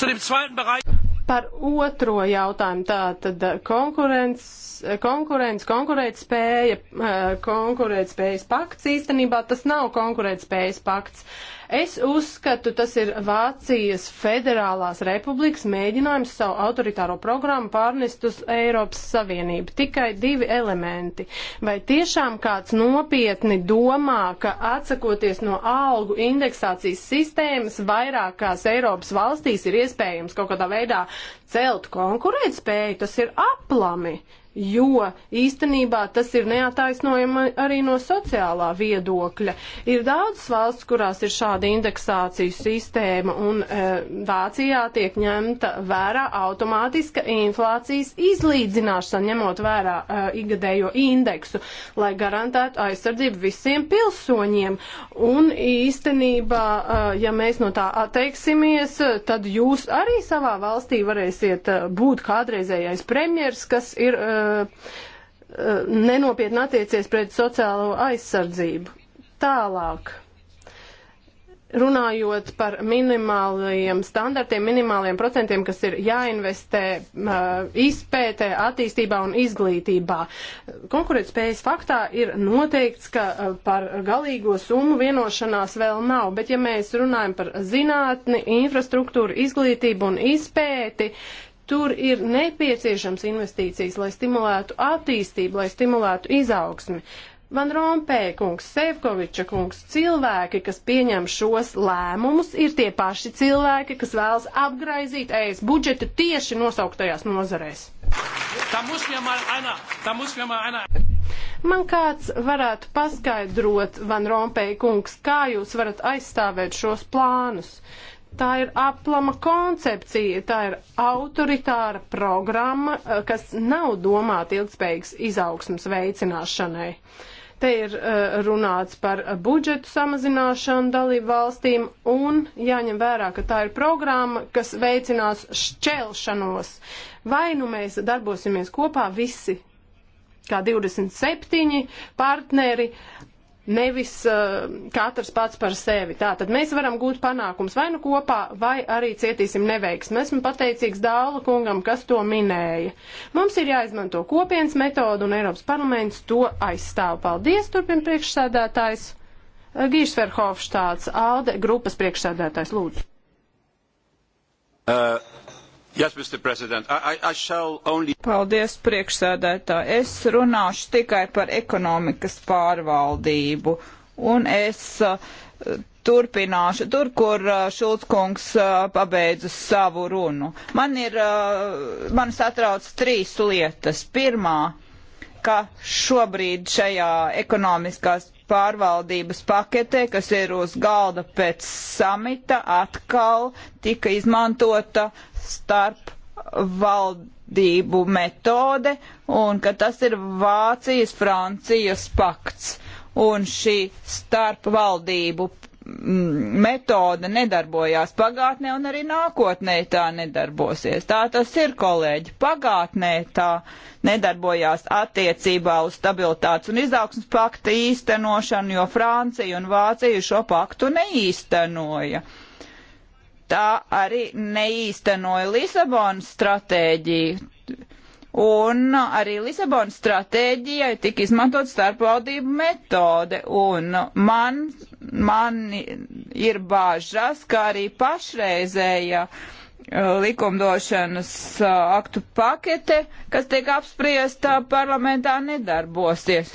Zu dem zweiten Bereich. Par otro jautājumu tā tad eh, konkurence, eh, konkurence, konkurētspēja, eh, konkurētspējas pakts īstenībā tas nav konkurētspējas pakts. Uh, Es uzskatu, tas ir Vācijas federālās republikas mēģinājums savu autoritāro programmu pārnest uz Eiropas Savienību. Tikai divi elementi. Vai tiešām kāds nopietni domā, ka atsakoties no algu indeksācijas sistēmas, vairākās Eiropas valstīs ir iespējams kaut kādā veidā celt konkurētspēju? Tas ir aplami jo īstenībā tas ir neataisnojama arī no sociālā viedokļa. Ir daudz valsts, kurās ir šāda indeksāciju sistēma, un e, Vācijā tiek ņemta vērā automātiska inflācijas izlīdzināšana, ņemot vērā e, igadējo indeksu, lai garantētu aizsardzību visiem pilsoņiem. Un īstenībā, e, ja mēs no tā atteiksimies, tad jūs arī savā valstī varēsiet e, būt kādreizējais premjers, kas ir e, Eh, nenopietni attiecies pret sociālo aizsardzību. Tālāk. Runājot par minimālajiem standartiem, minimālajiem procentiem, kas ir jāinvestē eh, izpētē, attīstībā un izglītībā. Konkurētspējas faktā ir noteikts, ka eh, par galīgo summu vienošanās vēl nav, bet ja mēs runājam par zinātni, infrastruktūru, izglītību un izpēti, Tur ir nepieciešams investīcijas, lai stimulētu attīstību, lai stimulētu izaugsmi. Van Rompēja kungs, Sevkoviča kungs, cilvēki, kas pieņem šos lēmumus, ir tie paši cilvēki, kas vēlas apgraizīt ēs budžetu tieši nosauktajās nozarēs. Man kāds varētu paskaidrot, Van Rompēja kungs, kā jūs varat aizstāvēt šos plānus. Tā ir aplama koncepcija, tā ir autoritāra programma, eh, kas nav domāta ilgspējīgas izaugsmas veicināšanai. Te ir uh, runāts par budžetu samazināšanu dalību valstīm un jāņem vērā, ka tā ir programma, kas veicinās šķelšanos. Vai nu mēs darbosimies kopā visi, kā 27 partneri, nevis uh, katrs pats par sevi. Tātad mēs varam gūt panākums vai nu kopā, vai arī cietīsim neveiksmi. Esmu pateicīgs Dāla kungam, kas to minēja. Mums ir jāizmanto kopienas metodu, un Eiropas parlaments to aizstāv. Paldies, turpin priekšsēdētājs. Uh, Gīšverhofštāts, ALDE grupas priekšsēdētājs, lūdzu. Uh, Yes, I, I only... Paldies, priekšsēdētā. Es runāšu tikai par ekonomikas pārvaldību. Un es uh, turpināšu tur, kur uh, Šulckungs uh, pabeidza savu runu. Man ir, uh, man satrauc trīs lietas. Pirmā, ka šobrīd šajā ekonomiskās pārvaldības paketē, kas ir uz galda pēc samita, atkal tika izmantota starp valdību metode un ka tas ir Vācijas-Francijas pakts. Un šī starpvaldību Mm, metode nedarbojās pagātnē un arī nākotnē tā nedarbosies. Tā tas ir, kolēģi. Pagātnē tā nedarbojās attiecībā uz stabilitātes un izaugsmas pakta īstenošanu, jo Francija un Vācija šo paktu neīstenoja. Tā arī neīstenoja Lisabonas stratēģiju Un arī Lisabonas stratēģijai tika izmantot starpvaldību metode, un man, man ir bāžas, ka arī pašreizēja uh, likumdošanas uh, aktu pakete, kas tiek apspriesta parlamentā, nedarbosies.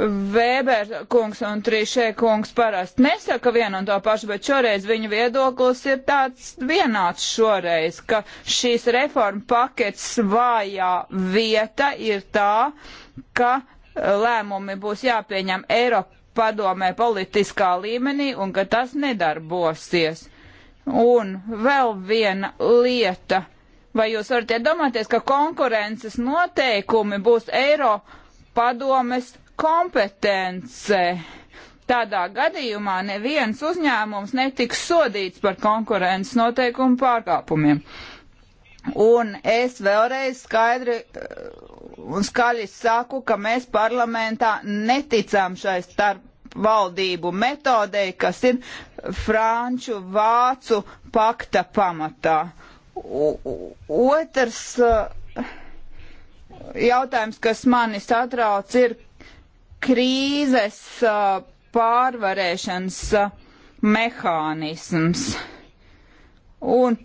Vēberkungs un Trīšē kungs parasti nesaka vienu un to pašu, bet šoreiz viņu viedoklis ir tāds vienāds šoreiz, ka šīs reforma pakets vājā vieta ir tā, ka lēmumi būs jāpieņem Eiropa padomē politiskā līmenī un ka tas nedarbosies. Un vēl viena lieta. Vai jūs varat iedomāties, ka konkurences noteikumi būs Eiropa padomes kompetence. Tādā gadījumā neviens uzņēmums netiks sodīts par konkurences noteikumu pārkāpumiem. Un es vēlreiz skaidri uh, un skaļi saku, ka mēs parlamentā neticām šai starp valdību metodei, kas ir franču vācu pakta pamatā. Otrs uh, jautājums, kas mani satrauc, ir, krīzes uh, pārvarēšanas uh, mehānisms. Un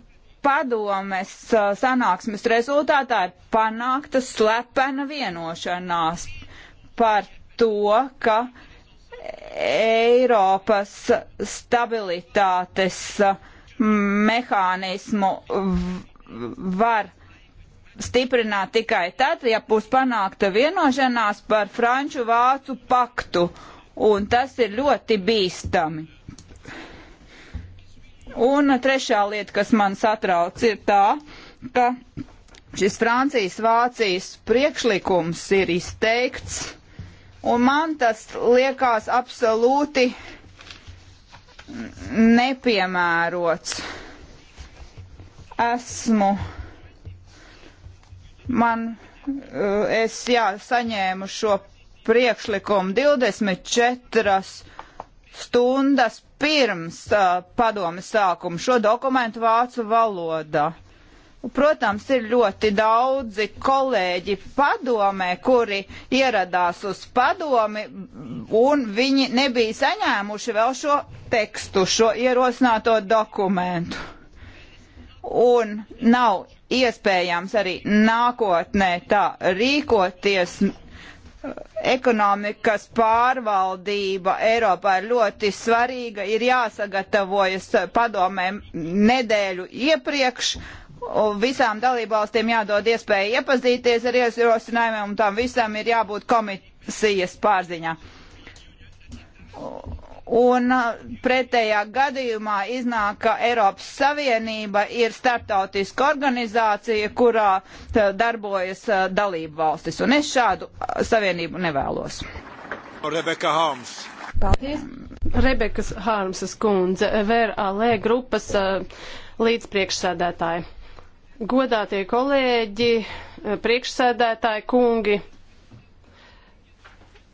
padomes uh, sanāksmes rezultātā ir panākta slepena vienošanās par to, ka Eiropas stabilitātes mehānismu var stiprināt tikai tad, ja būs panākta vienošanās par franču vācu paktu, un tas ir ļoti bīstami. Un trešā lieta, kas man satrauc, ir tā, ka šis Francijas-Vācijas priekšlikums ir izteikts, un man tas liekas absolūti nepiemērots. Esmu Man, eh, es, jā, saņēmu šo priekšlikumu 24 stundas pirms uh, padome sākuma šo dokumentu vācu valodā. Protams, ir ļoti daudzi kolēģi padomē, kuri ieradās uz padomi, un viņi nebija saņēmuši vēl šo tekstu, šo ierosināto dokumentu. Un nav iespējams arī nākotnē tā rīkoties. Ekonomikas pārvaldība Eiropā ir ļoti svarīga, ir jāsagatavojas padomē nedēļu iepriekš, visām dalībvalstīm jādod iespēja iepazīties ar ierosinājumiem, un tam visam ir jābūt komisijas pārziņā. Un uh, pretējā gadījumā iznāk, ka Eiropas Savienība ir starptautiska organizācija, kurā uh, darbojas uh, dalību valstis. Un es šādu savienību nevēlos. Rebeka Hāms. Paldies. Rebekas Hārmsas kundze, VRALE grupas līdzpriekšsēdētāji. Godātie kolēģi, priekšsēdētāji kungi.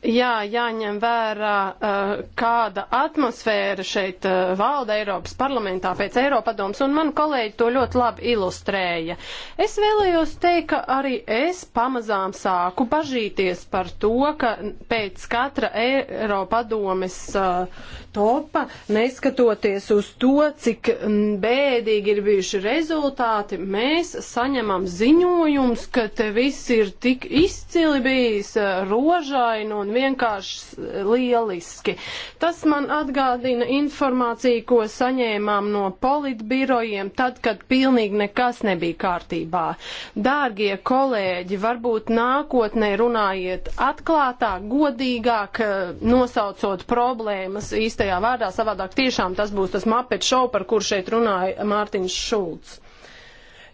Jā, jāņem vērā, eh, kāda atmosfēra šeit eh, valda Eiropas parlamentā pēc Eiropadoms, un man kolēģi to ļoti labi ilustrēja. Es vēlējos teikt, ka arī es pamazām sāku bažīties par to, ka pēc katra Eiropadomes eh, topa, neskatoties uz to, cik mm, bēdīgi ir bijuši rezultāti, mēs saņemam ziņojums, ka te viss ir tik izcili bijis rožaini un un vienkārši lieliski. Tas man atgādina informāciju, ko saņēmām no politbirojiem, tad, kad pilnīgi nekas nebija kārtībā. Dārgie kolēģi, varbūt nākotnē runājiet atklātāk, godīgāk, eh, nosaucot problēmas īstajā vārdā, savādāk tiešām tas būs tas mapet šau, par kur šeit runāja Mārtiņš Šulcs.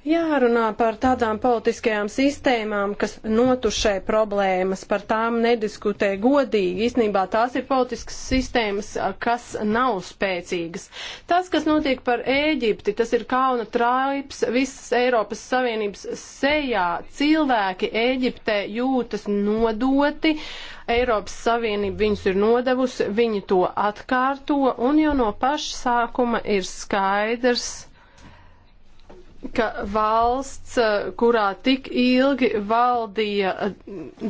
Jārunā par tādām politiskajām sistēmām, kas notušē problēmas, par tām nediskutē godīgi. Īsnībā tās ir politiskas sistēmas, kas nav spēcīgas. Tas, kas notiek par Ēģipti, tas ir kauna traips visas Eiropas Savienības sejā. Cilvēki Ēģiptē jūtas nodoti. Eiropas Savienība viņus ir nodevusi, viņi to atkārto, un jau no paša sākuma ir skaidrs, ka valsts, kurā tik ilgi valdīja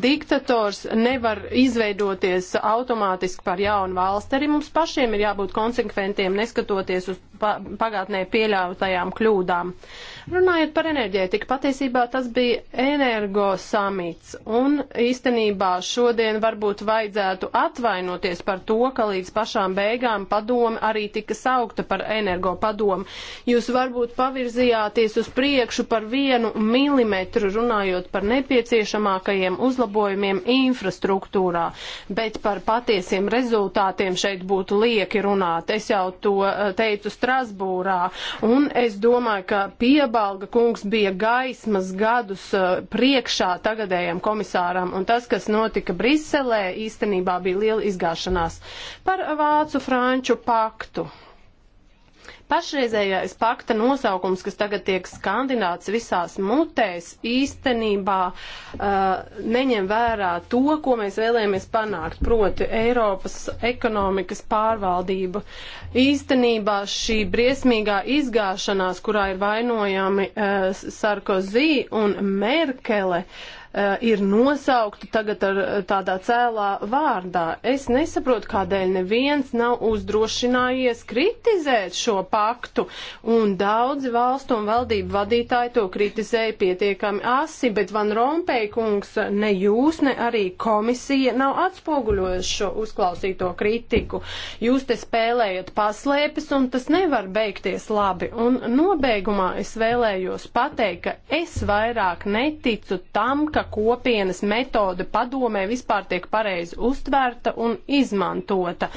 diktators, nevar izveidoties automātiski par jaunu valsti. Arī mums pašiem ir jābūt konsekventiem, neskatoties uz pagātnē pieļautajām kļūdām. Uh, Runājot par enerģētiku, patiesībā tas bija energo samits, un īstenībā šodien varbūt vajadzētu atvainoties par to, ka līdz pašām beigām padome arī tika saukta par energo padomu. Jūs varbūt pavirzījāties uz priekšu par vienu milimetru, runājot par nepieciešamākajiem uzlabojumiem infrastruktūrā, bet par patiesiem rezultātiem šeit būtu lieki runāt. Es jau to eh, teicu Strasbūrā, un es domāju, ka piebalsts Piebalga kungs bija gaismas gadus uh, priekšā tagadējiem komisāram, un tas, kas notika Briselē, īstenībā bija liela izgāšanās par vācu-franču paktu. Pašreizējais pakta nosaukums, kas tagad tiek skandināts visās mutēs, īstenībā uh, neņem vērā to, ko mēs vēlējamies panākt, proti Eiropas ekonomikas pārvaldību. Īstenībā šī briesmīgā izgāšanās, kurā ir vainojami uh, Sarkozy un Merkele, uh, Eh, ir nosaukta tagad ar eh, tādā cēlā vārdā. Es nesaprotu, kādēļ neviens nav uzdrošinājies kritizēt šo paktu, un daudzi valstu un valdību vadītāji to kritizēja pietiekami asi, bet Van Rompeikungs ne jūs, ne arī komisija nav atspoguļojuši šo uzklausīto kritiku. Jūs te spēlējat paslēpes, un tas nevar beigties labi. Un nobeigumā es vēlējos pateikt, ka es vairāk neticu tam, ka banka kopienas metode padomē vispār tiek pareizi uztvērta un izmantota.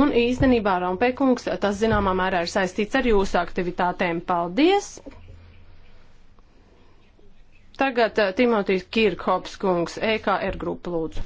Un īstenībā, Rompēkungs, tas zināmā mērā ir saistīts ar jūsu aktivitātēm. Paldies! Tagad eh, Timotīs Kirkhops kungs, EKR grupa lūdzu.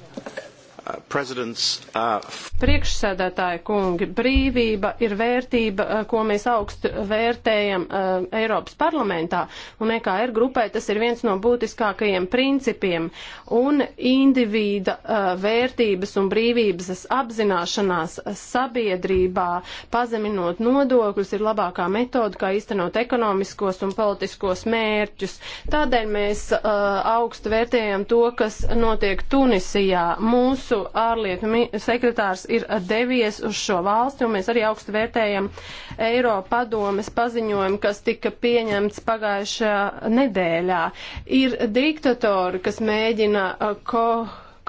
Uh, Priekšsēdētāji kungi, brīvība ir vērtība, uh, ko mēs augstu vērtējam uh, Eiropas parlamentā, un EKR grupai tas ir viens no būtiskākajiem principiem, un individa uh, vērtības un brīvības apzināšanās sabiedrībā, pazeminot nodokļus, ir labākā metoda, kā īstenot ekonomiskos un politiskos mērķus. Tādēļ mēs uh, augstu vērtējam to, kas notiek Tunisijā. Mūsu mūsu ārlietu sekretārs ir devies uz šo valsti, un mēs arī augstu vērtējam Eiropadomes paziņojumu, kas tika pieņemts pagājušajā nedēļā. Ir diktatori, kas mēģina uh, ko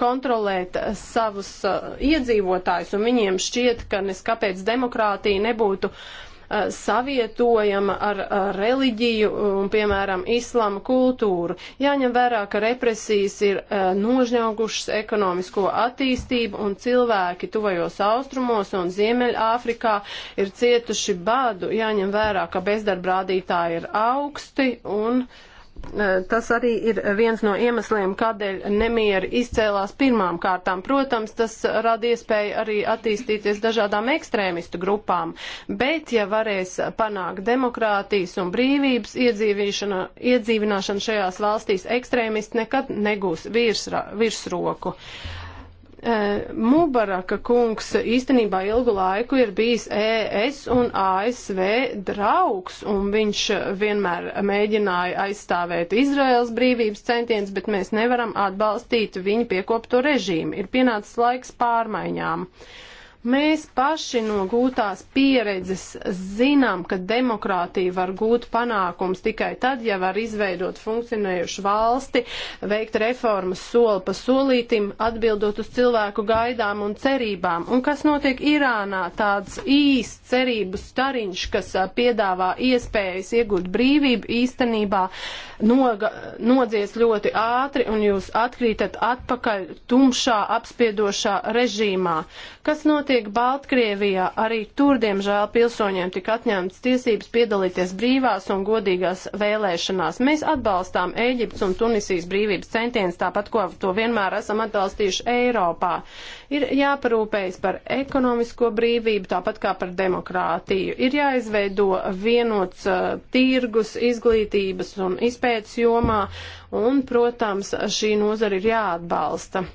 kontrolēt uh, savus uh, iedzīvotājus, un viņiem šķiet, ka neskapēc demokrātija nebūtu uh, savietojama ar reliģiju un, piemēram, islama kultūru. Jāņem vērā, ka represijas ir nožņaugušas ekonomisko attīstību un cilvēki tuvajos austrumos un Ziemeļāfrikā ir cietuši badu. Jāņem vērā, ka bezdarbrādītāji ir augsti un. Uh, Eh, tas arī ir viens no iemesliem, kādēļ nemieri izcēlās pirmām kārtām. Protams, tas rada iespēju arī attīstīties dažādām ekstrēmistu grupām, bet ja varēs panākt demokrātijas un brīvības iedzīvināšanu šajās valstīs, ekstrēmisti nekad negūs virsroku. Virs Eh, Mubaraka kungs īstenībā ilgu laiku ir bijis ES un ASV draugs, un viņš vienmēr mēģināja aizstāvēt Izraels brīvības centienus, bet mēs nevaram atbalstīt viņu piekopto režīmu. Ir pienācis laiks pārmaiņām. Uh, Mēs paši no gūtās pieredzes zinām, ka demokrātija var gūt panākums tikai tad, ja var izveidot funkcionējušu valsti, veikt reformas soli pa solītim, atbildot uz cilvēku gaidām un cerībām. Un kas notiek Irānā? Tāds īsts cerības stariņš, kas piedāvā iespējas iegūt brīvību, īstenībā noga, nodzies ļoti ātri un jūs atkrītat atpakaļ tumšā apspiedošā režīmā. Kas notiek? notiek Baltkrievijā, arī tur, diemžēl, pilsoņiem tika atņemtas tiesības piedalīties brīvās un godīgās vēlēšanās. Mēs atbalstām Ēģipts un Tunisijas brīvības centienus, tāpat ko to vienmēr esam atbalstījuši Eiropā. Ir jāparūpējas par ekonomisko brīvību, tāpat kā par demokrātiju. Ir jāizveido vienots uh, tirgus izglītības un izpētes jomā, un, protams, šī nozara ir jāatbalsta.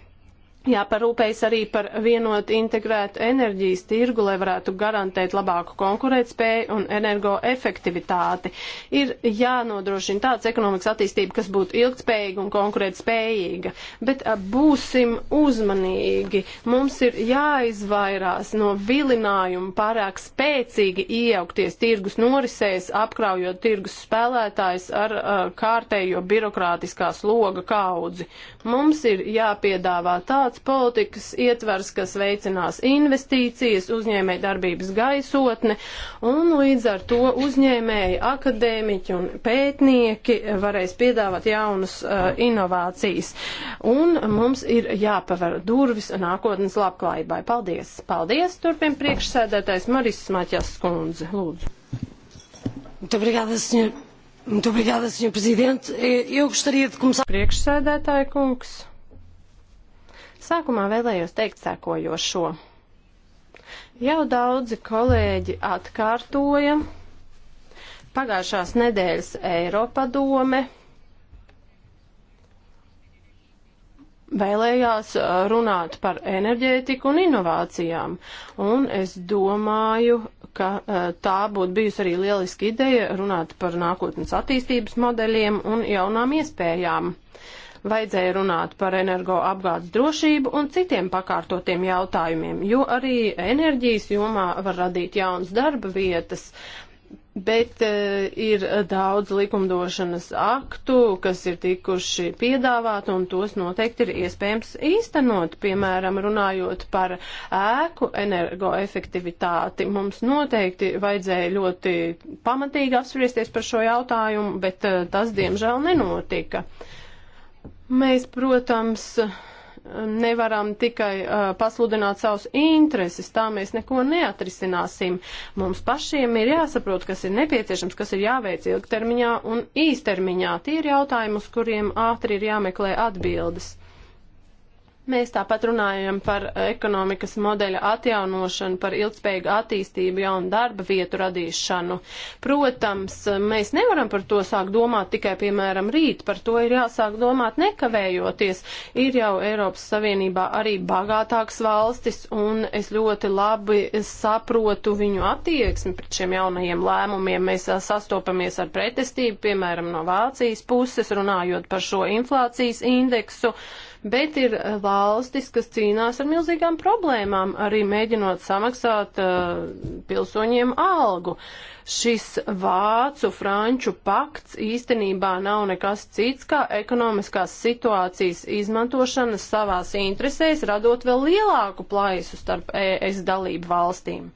Jāparūpējas arī par vienotu integrētu enerģijas tirgu, lai varētu garantēt labāku konkurētspēju un energoefektivitāti. Ir jānodrošina tāds ekonomikas attīstība, kas būtu ilgspējīga un konkurētspējīga. Bet būsim uzmanīgi. Mums ir jāizvairās no vilinājuma pārāk spēcīgi iejaukties tirgus norisēs, apkraujot tirgus spēlētājs ar uh, kārtējo birokrātiskā sloga kaudzi. Mums ir jāpiedāvā tāds tāds politikas ietvars, kas veicinās investīcijas, uzņēmēja darbības gaisotne, un līdz ar to uzņēmēji, akadēmiķi un pētnieki varēs piedāvāt jaunas uh, inovācijas. Un mums ir jāpaver durvis nākotnes labklājībai. Paldies! Paldies! Turpin priekšsēdētājs Maris Maķas skundze. Lūdzu. Muito obrigada, senhor. Muito obrigada, senhor presidente. Eu gostaria de começar. Priekšsēdētāja kungs. Sākumā vēlējos teikt sēkojošo. Jau daudzi kolēģi atkārtoja pagājušās nedēļas Eiropadome vēlējās uh, runāt par enerģētiku un inovācijām. Un es domāju, ka uh, tā būtu bijusi arī lieliska ideja runāt par nākotnes attīstības modeļiem un jaunām iespējām vajadzēja runāt par energoapgādes drošību un citiem pakārtotiem jautājumiem, jo arī enerģijas jomā var radīt jaunas darba vietas. Bet e, ir daudz likumdošanas aktu, kas ir tikuši piedāvāti, un tos noteikti ir iespējams īstenot. Piemēram, runājot par ēku energoefektivitāti, mums noteikti vajadzēja ļoti pamatīgi apspriesties par šo jautājumu, bet e, tas, diemžēl, nenotika. E, Mēs, protams, nevaram tikai uh, pasludināt savus intereses, tā mēs neko neatrisināsim. Mums pašiem ir jāsaprot, kas ir nepieciešams, kas ir jāveic ilgtermiņā un īstermiņā. Tie ir jautājumi, uz kuriem ātri ir jāmeklē atbildes. Mēs tāpat runājam par ekonomikas modeļa atjaunošanu, par ilgspējīgu attīstību, jaunu darba vietu radīšanu. Protams, mēs nevaram par to sākt domāt tikai, piemēram, rīt. Par to ir jāsāk domāt nekavējoties. Ir jau Eiropas Savienībā arī bagātāks valstis, un es ļoti labi saprotu viņu attieksmi pret šiem jaunajiem lēmumiem. Mēs uh, sastopamies ar pretestību, piemēram, no Vācijas puses, runājot par šo inflācijas indeksu. Uh, bet ir eh, valstis, kas cīnās ar milzīgām problēmām, arī mēģinot samaksāt uh, pilsoņiem algu. Šis vācu franču pakts īstenībā nav nekas cits kā ekonomiskās situācijas izmantošana savās interesēs, radot vēl lielāku plaisu starp ES dalību valstīm.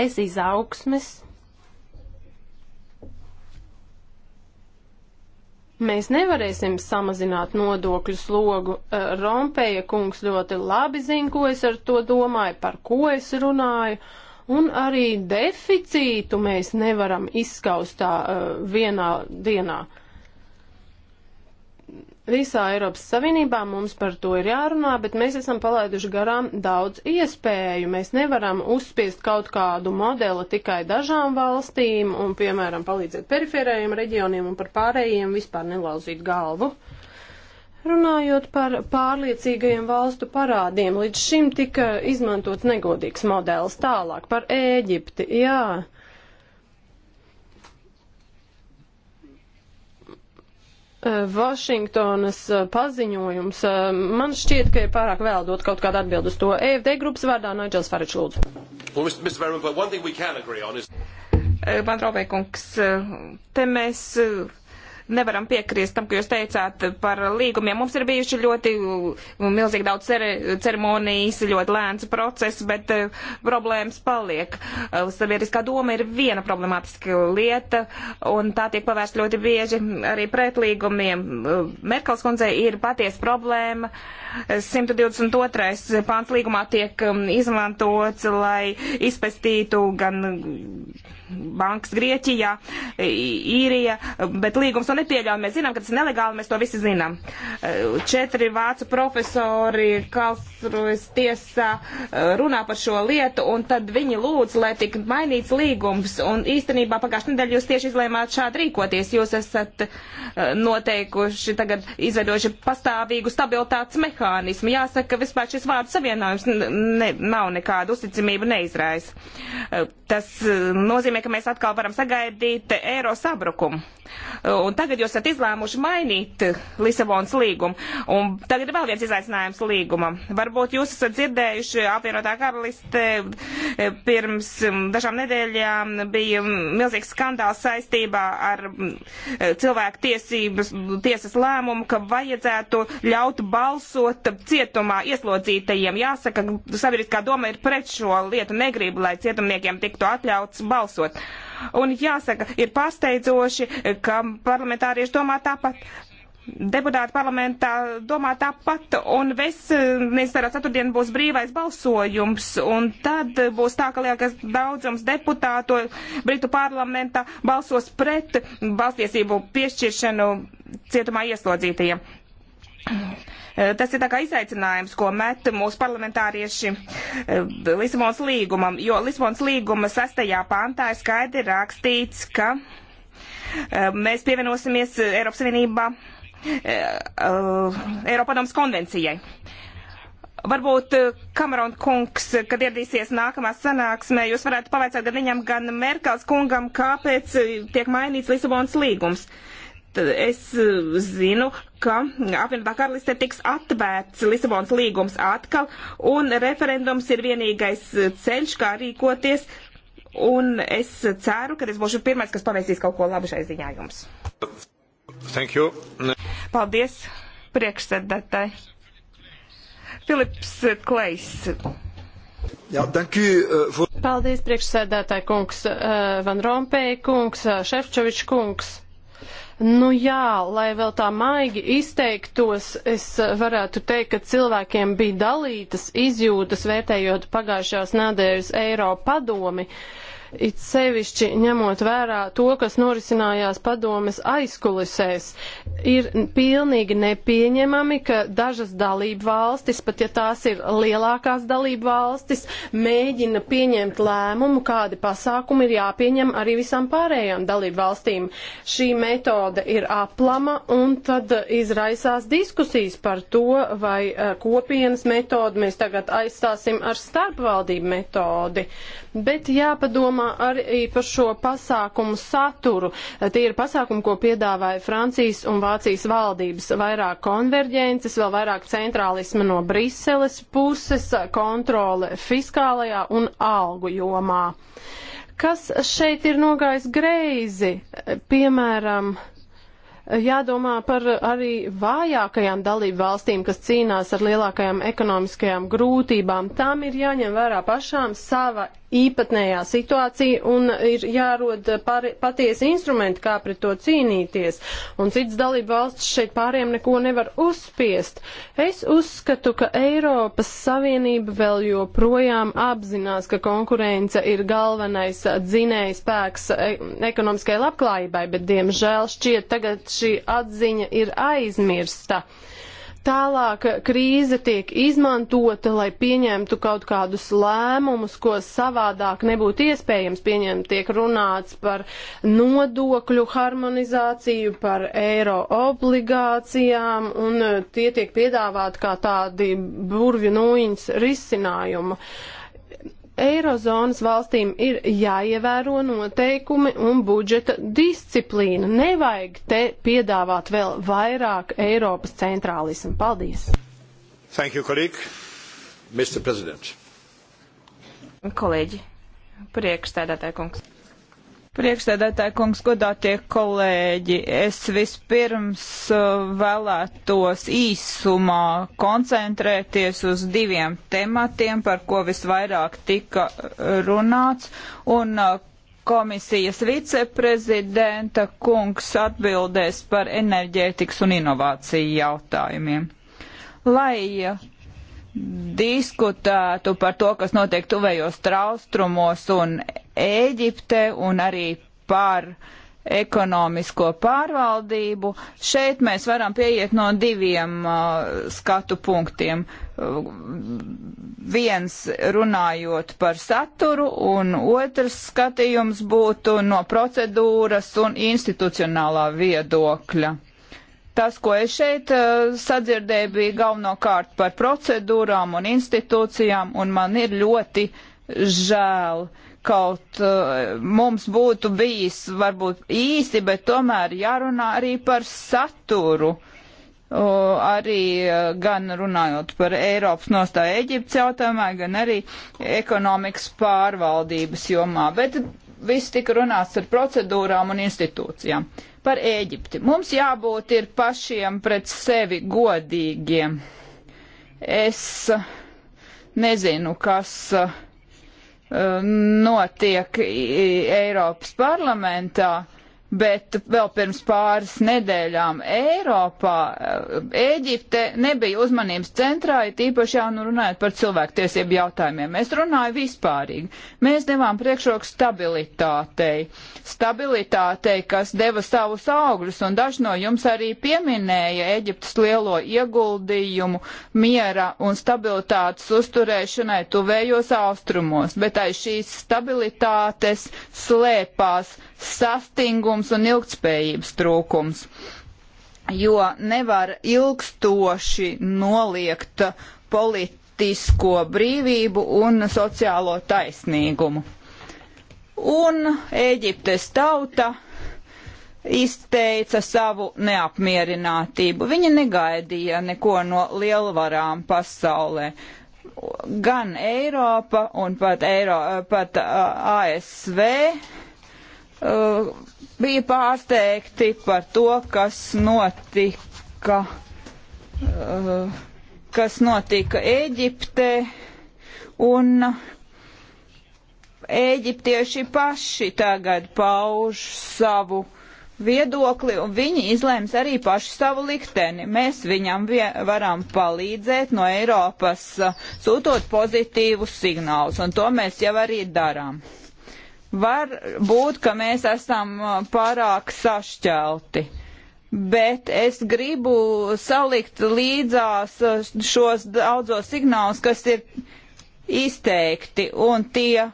Bez izaugsmes Mēs nevarēsim samazināt nodokļu slogu. Eh, Rompeja kungs ļoti labi zina, ko es ar to domāju, par ko es runāju. Un arī deficītu mēs nevaram izskaust tā uh, vienā dienā. Uh, Visā Eiropas Savienībā mums par to ir jārunā, bet mēs esam palaiduši garām daudz iespēju. Mēs nevaram uzspiest kaut kādu modeli tikai dažām valstīm un, piemēram, palīdzēt periferējiem reģioniem un par pārējiem vispār nelauzīt galvu. Runājot par pārliecīgajiem valstu parādiem, līdz šim tika izmantots negodīgs modelis tālāk par Ēģipti. Jā. Uh, Eh, Vašingtonas eh, paziņojums. Eh, man šķiet, ka ir pārāk vēl dot kaut kādu atbildu uz to. EFD grupas vārdā Naidžels Faričs lūdzu. Well, Mr. Verman, is... Man, Robēkungs, te mēs nevaram piekrist tam, ko jūs teicāt par līgumiem. Mums ir bijuši ļoti uh, milzīgi daudz cer ceremonijas, ļoti lēns process, bet uh, problēmas paliek. Uh, sabiedriskā doma ir viena problemātiska lieta, un tā tiek pavērsta ļoti bieži arī pret līgumiem. Merkels kundzei ir paties problēma. 122. pāns līgumā tiek um, izmantots, lai izpestītu gan bankas Grieķijā, Īrija, bet līgums to nepieļauj. Mēs zinām, ka tas ir nelegāli, mēs to visi zinām. Četri vācu profesori Kalstrujas tiesā e, runā par šo lietu, un tad viņi lūdz, lai tik mainīts līgums, un īstenībā pagājušajā nedēļā jūs tieši izlēmāt šādi rīkoties. Jūs esat e, noteikuši tagad izveidojuši pastāvīgu stabilitātes mehānismu. Jāsaka, ka vispār šis vārdu savienojums ne, nav nekādu uzticamību neizraisa. E, tas nozīmē, nozīmē, ka mēs atkal varam sagaidīt eiro sabrukumu. Un tagad jūs esat izlēmuši mainīt Lisabonas līgumu. Un tagad ir vēl viens izaicinājums līgumam. Varbūt jūs esat dzirdējuši apvienotā karaliste eh, pirms mm, dažām nedēļām bija mm, milzīgs skandāls saistībā ar mm, eh, cilvēku tiesības, tiesas lēmumu, ka vajadzētu ļaut balsot cietumā ieslodzītajiem. Jāsaka, sabiedriskā doma ir pret šo lietu, negrib, lai cietumniekiem tiktu atļauts balsot izmantot. Un jāsaka, ir pārsteidzoši, ka parlamentārieši domā tāpat. Deputāti parlamentā domā tāpat, un ves, nezinu, ceturtdien būs brīvais balsojums, un tad būs tā, ka liekas daudzums deputāto Britu parlamentā balsos pret balstiesību piešķiršanu cietumā ieslodzītajiem. Eh, tas ir tā kā izaicinājums, ko met mūsu parlamentārieši eh, Lisabons līgumam, jo Lisabons līguma sastajā pantā ir skaidri rakstīts, ka eh, mēs pievienosimies Eiropas Savienībā Eiropadomas konvencijai. Varbūt Kamerona kungs, kad ieradīsies nākamā sanāksmē, jūs varētu pavaicāt gan viņam, gan Merkels kungam, kāpēc tiek mainīts Lisabonas līgums. Uh, es eh, zinu, ka apvienotā karalistē tiks atvērts Lisabonas līgums atkal, un referendums ir vienīgais eh, ceļš, kā rīkoties, un es ceru, ka es būšu pirmais, kas pavēstīs kaut ko labu šai ziņā jums. Thank you. Paldies priekšsēdētāji. Filips eh, Klejs. Jā, thank you. Uh, for... Paldies priekšsēdētāji kungs uh, Van Rompēja kungs, uh, Šefčovičs kungs. Nu jā, lai vēl tā maigi izteiktos, es varētu teikt, ka cilvēkiem bija dalītas izjūtas vērtējot pagājušās nedēļas Eiro padomi. Uh, it sevišķi ņemot vērā to, kas norisinājās padomes aizkulisēs, ir pilnīgi nepieņemami, ka dažas dalību valstis, pat ja tās ir lielākās dalību valstis, mēģina pieņemt lēmumu, kādi pasākumi ir jāpieņem arī visām pārējām dalību valstīm. Šī metode ir aplama un tad izraisās diskusijas par to, vai eh, kopienas metodu mēs tagad aizstāsim ar starpvaldību metodi. Bet jāpadomā jādomā arī par šo pasākumu saturu. Tie ir pasākumi, ko piedāvāja Francijas un Vācijas valdības. Vairāk konverģences, vēl vairāk centrālisma no Briseles puses, kontrole fiskālajā un algu jomā. Kas šeit ir nogājis greizi? Piemēram, jādomā par arī vājākajām dalību valstīm, kas cīnās ar lielākajām ekonomiskajām grūtībām. Tām ir jāņem vērā pašām sava īpatnējā situācija un ir jārod patiesi instrumenti, kā pret to cīnīties. Un cits dalība valsts šeit pāriem neko nevar uzspiest. Es uzskatu, ka Eiropas Savienība vēl joprojām apzinās, ka konkurence ir galvenais dzinējs spēks e, ekonomiskai labklājībai, bet diemžēl šķiet tagad šī atziņa ir aizmirsta. Uh, Tālāk krīze tiek izmantota, lai pieņemtu kaut kādus lēmumus, ko savādāk nebūtu iespējams pieņemt. Tiek runāts par nodokļu harmonizāciju, par eiro obligācijām, un tie tiek piedāvāti kā tādi burvju nūjiņas risinājumu. Uh, Eirozonas valstīm ir jāievēro noteikumi un budžeta disciplīna. Nevajag te piedāvāt vēl vairāk Eiropas centrālismu. Paldies! Thank you, kolēģi. Mr. President. Kolēģi, priekšstādātāja kungs. Priekšsēdētāji kungs, godātie kolēģi, es vispirms uh, vēlētos īsumā koncentrēties uz diviem tematiem, par ko visvairāk tika uh, runāts, un uh, komisijas viceprezidenta kungs atbildēs par enerģētikas un inovāciju jautājumiem. Lai diskutētu par to, kas notiek tuvējos traustrumos un Ēģipte un arī par ekonomisko pārvaldību. Šeit mēs varam pieiet no diviem uh, skatu punktiem. Uh, viens runājot par saturu, un otrs skatījums būtu no procedūras un institucionālā viedokļa. Tas, ko es šeit uh, sadzirdēju, bija galvenokārt par procedūrām un institūcijām, un man ir ļoti žēl, uh, kaut uh, mums būtu bijis varbūt īsi, bet tomēr jārunā arī par saturu. Uh, arī uh, gan runājot par Eiropas nostāju Eģiptes jautājumā, gan arī ekonomikas pārvaldības jomā. Bet viss tika runāts ar procedūrām un institūcijām. Par Eģipti. Mums jābūt ir pašiem pret sevi godīgiem. Es eh, nezinu, kas uh, notiek Eiropas parlamentā, uh, bet vēl pirms pāris nedēļām Eiropā, eh, Ēģipte nebija uzmanības centrā, ja tīpaši jau nu runājot par cilvēktiesību jautājumiem. Es runāju vispārīgi. Mēs devām priekšroku stabilitātei. Stabilitātei, kas deva savus augļus, un daži no jums arī pieminēja Ēģiptes lielo ieguldījumu miera un stabilitātes uzturēšanai tuvējos austrumos, bet aiz šīs stabilitātes slēpās sastingums un ilgtspējības trūkums, jo nevar ilgstoši noliegt politisko brīvību un sociālo taisnīgumu. Un Ēģiptes tauta izteica savu neapmierinātību. Viņa negaidīja neko no lielvarām pasaulē. Gan Eiropa un pat, Eiro, pat uh, ASV uh, bija pārsteigti par to, kas notika, uh, kas notika Eģiptē un Eģiptieši paši tagad pauž savu viedokli, un viņi izlēms arī paši savu likteni. Mēs viņam varam palīdzēt no Eiropas, uh, sūtot pozitīvus signālus, un to mēs jau arī darām. Var būt, ka mēs esam uh, pārāk sašķelti bet es gribu salikt līdzās uh, šos daudzos signālus, kas ir izteikti, un tie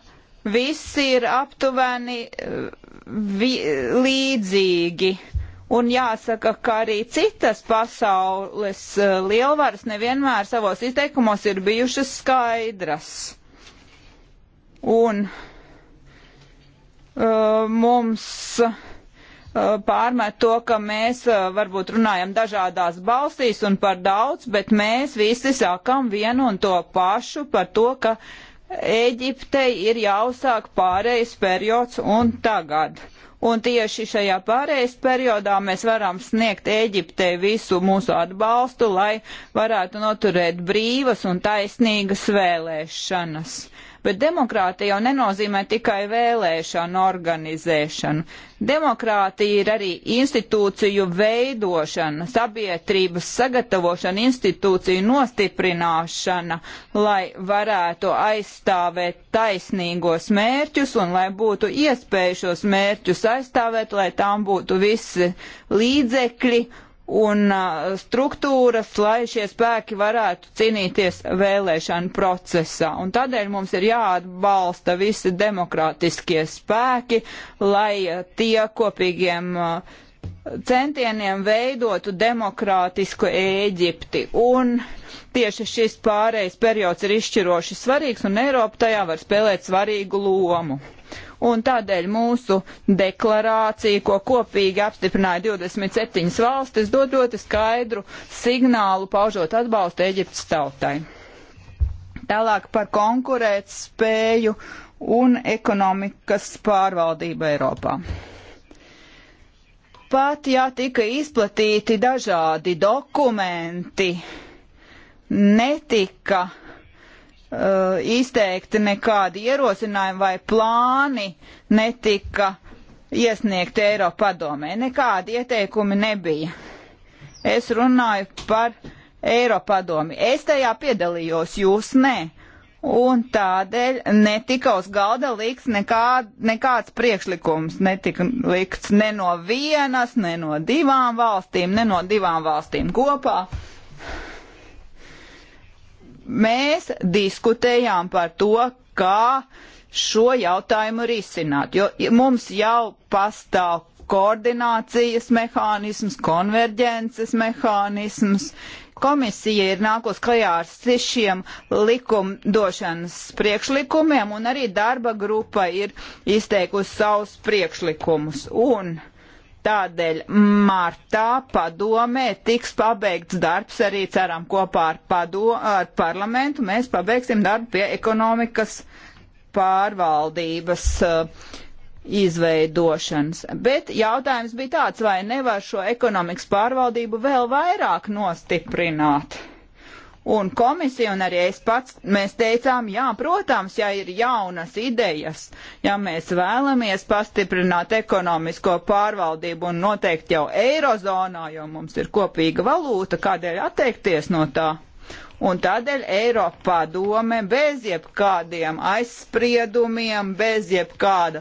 visi ir aptuveni uh, vi līdzīgi. Un jāsaka, ka arī citas pasaules lielvaras nevienmēr savos izteikumos ir bijušas skaidras. Un uh, Uh, mums uh, pārmet to, ka mēs uh, varbūt runājam dažādās balsīs un par daudz, bet mēs visi sākam vienu un to pašu par to, ka Eģiptei ir jāuzsāk pārējais periods un tagad. Un tieši šajā pārējais periodā mēs varam sniegt Eģiptei visu mūsu atbalstu, lai varētu noturēt brīvas un taisnīgas vēlēšanas. Uh, Bet demokrātija jau nenozīmē tikai vēlēšanu organizēšanu. Demokrātija ir arī institūciju veidošana, sabiedrības sagatavošana, institūciju nostiprināšana, lai varētu aizstāvēt taisnīgos mērķus un lai būtu iespēja šos mērķus aizstāvēt, lai tām būtu visi līdzekļi un struktūras, lai šie spēki varētu cīnīties vēlēšanu procesā. Un tādēļ mums ir jāatbalsta visi demokrātiskie spēki, lai tie kopīgiem centieniem veidotu demokrātisku Ēģipti. Un tieši šis pārējais periods ir izšķiroši svarīgs, un Eiropa tajā var spēlēt svarīgu lomu un tādēļ mūsu deklarācija, ko kopīgi apstiprināja 27 valstis, dod ļoti skaidru signālu paužot atbalstu Eģiptes tautai. Tālāk par konkurēt spēju un ekonomikas pārvaldību Eiropā. Pat ja tika izplatīti dažādi dokumenti, netika uh, Uh, izteikti nekādi ierosinājumi vai plāni netika iesniegti Eiropadomē. Nekādi ieteikumi nebija. Es runāju par Eiropadomi. Es tajā piedalījos, jūs nē. Un tādēļ netika uz galda liks nekā, nekāds priekšlikums. Netika likts ne no vienas, ne no divām valstīm, ne no divām valstīm kopā. Uh, mēs diskutējām par to, kā šo jautājumu risināt, jo mums jau pastāv koordinācijas mehānisms, konverģences mehānisms. Komisija ir nākos klajā ar šiem likumdošanas priekšlikumiem, un arī darba grupa ir izteikusi savus priekšlikumus. Un uh, Tādēļ martā padomē tiks pabeigts darbs arī ceram kopā ar, pado, ar parlamentu. Mēs pabeigsim darbu pie ekonomikas pārvaldības uh, izveidošanas. Bet jautājums bija tāds, vai nevar šo ekonomikas pārvaldību vēl vairāk nostiprināt? Un komisija un arī es pats, mēs teicām, jā, protams, ja ir jaunas idejas, ja mēs vēlamies pastiprināt ekonomisko pārvaldību un noteikti jau eirozonā, jo mums ir kopīga valūta, kādēļ atteikties no tā? Un tādēļ Eiropā dome bez jebkādiem aizspriedumiem, bez jebkāda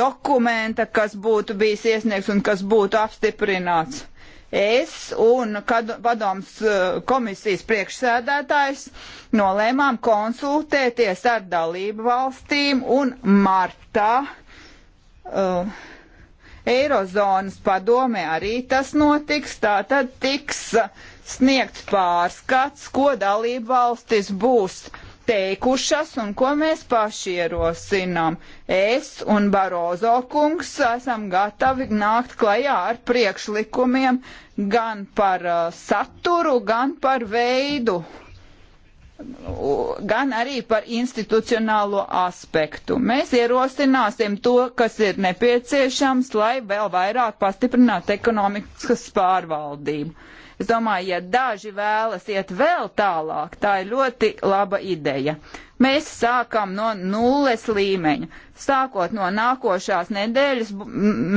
dokumenta, kas būtu bijis iesniegts un kas būtu apstiprināts es un padoms eh, komisijas priekšsēdētājs nolēmām konsultēties ar dalību valstīm un martā uh, eh, Eirozonas padome arī tas notiks, tātad tiks sniegt pārskats, ko dalību valstis būs uh, teikušas un ko mēs paši ierosinām. Es un Barozo kungs esam gatavi nākt klajā ar priekšlikumiem gan par uh, saturu, gan par veidu, gan arī par institucionālo aspektu. Mēs ierosināsim to, kas ir nepieciešams, lai vēl vairāk pastiprinātu ekonomikas pārvaldību Es domāju, ja daži vēlas iet vēl tālāk, tā ir ļoti laba ideja. Mēs sākam no nulles līmeņa. Sākot no nākošās nedēļas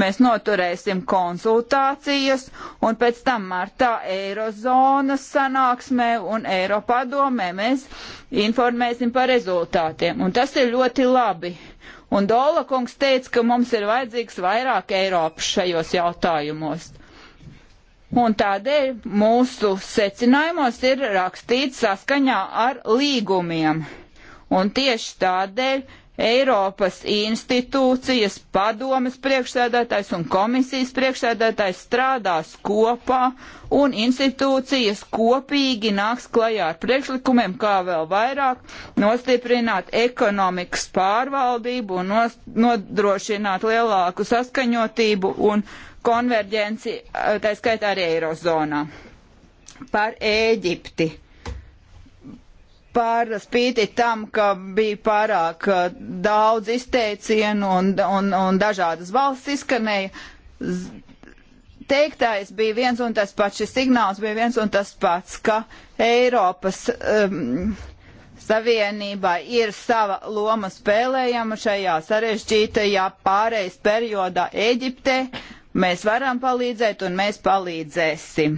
mēs noturēsim konsultācijas un pēc tam martā Eirozonas sanāksmē un Eiropadomē mēs informēsim par rezultātiem. Un tas ir ļoti labi. Un Dola kungs teica, ka mums ir vajadzīgs vairāk Eiropas šajos jautājumos un tādēļ mūsu secinājumos ir rakstīts saskaņā ar līgumiem. Un tieši tādēļ Eiropas institūcijas padomas priekšsēdētājs un komisijas priekšsēdētājs strādās kopā un institūcijas kopīgi nāks klajā ar priekšlikumiem, kā vēl vairāk nostiprināt ekonomikas pārvaldību un nodrošināt lielāku saskaņotību un konverģenci, eh, tā skaitā arī Eirozonā. Par Ēģipti. Par spīti tam, ka bija pārāk eh, daudz izteicienu un, un, un dažādas valsts izskanēja, teiktais bija viens un tas pats, šis signāls bija viens un tas pats, ka Eiropas um, Savienībā ir sava loma spēlējama šajā sarežģītajā pārejas periodā Eģiptē, Mēs varam palīdzēt un mēs palīdzēsim.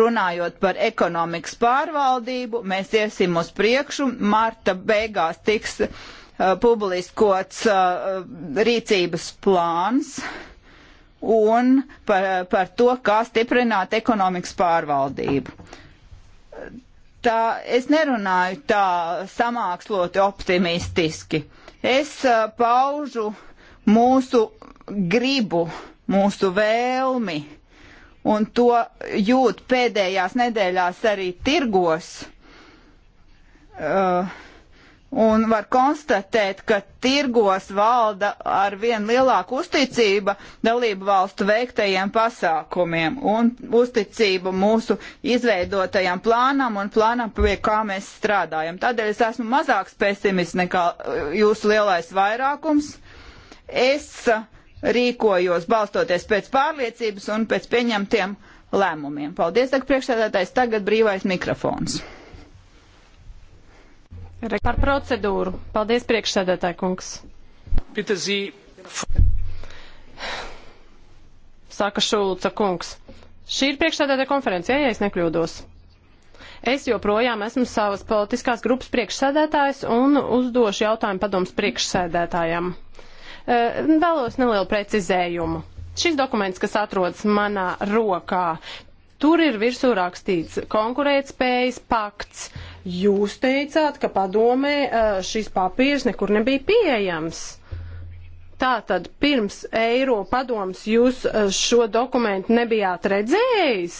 Runājot par ekonomikas pārvaldību, mēs iesim uz priekšu. Marta beigās tiks uh, publiskots uh, rīcības plāns un par, par to, kā stiprināt ekonomikas pārvaldību. Tā, es nerunāju tā samāksloti optimistiski. Es uh, paužu mūsu gribu uh, mūsu vēlmi, un to jūt pēdējās nedēļās arī tirgos. Uh, un var konstatēt, ka tirgos valda ar vien lielāku uzticība dalību valstu veiktajiem pasākumiem un uzticība mūsu izveidotajam plānam un plānam, pie kā mēs strādājam. Tādēļ es esmu mazāks pesimists nekā uh, jūsu lielais vairākums. Es uh, rīkojos balstoties pēc pārliecības un pēc pieņemtiem lēmumiem. Paldies, tagad priekšsēdētājs, tagad brīvais mikrofons. Par procedūru. Paldies, priekšsēdētāji kungs. Saka Šulca kungs. Šī ir priekšsēdētāja konference, ja es nekļūdos. Es joprojām esmu savas politiskās grupas priekšsēdētājs un uzdošu jautājumu padoms priekšsēdētājam. Eh, vēlos nelielu precizējumu. Šis dokuments, kas atrodas manā rokā, tur ir virsū rakstīts konkurētspējas pakts. Jūs teicāt, ka padomē eh, šis papīrs nekur nebija pieejams. Tātad pirms eiro padoms jūs eh, šo dokumentu nebijāt redzējis,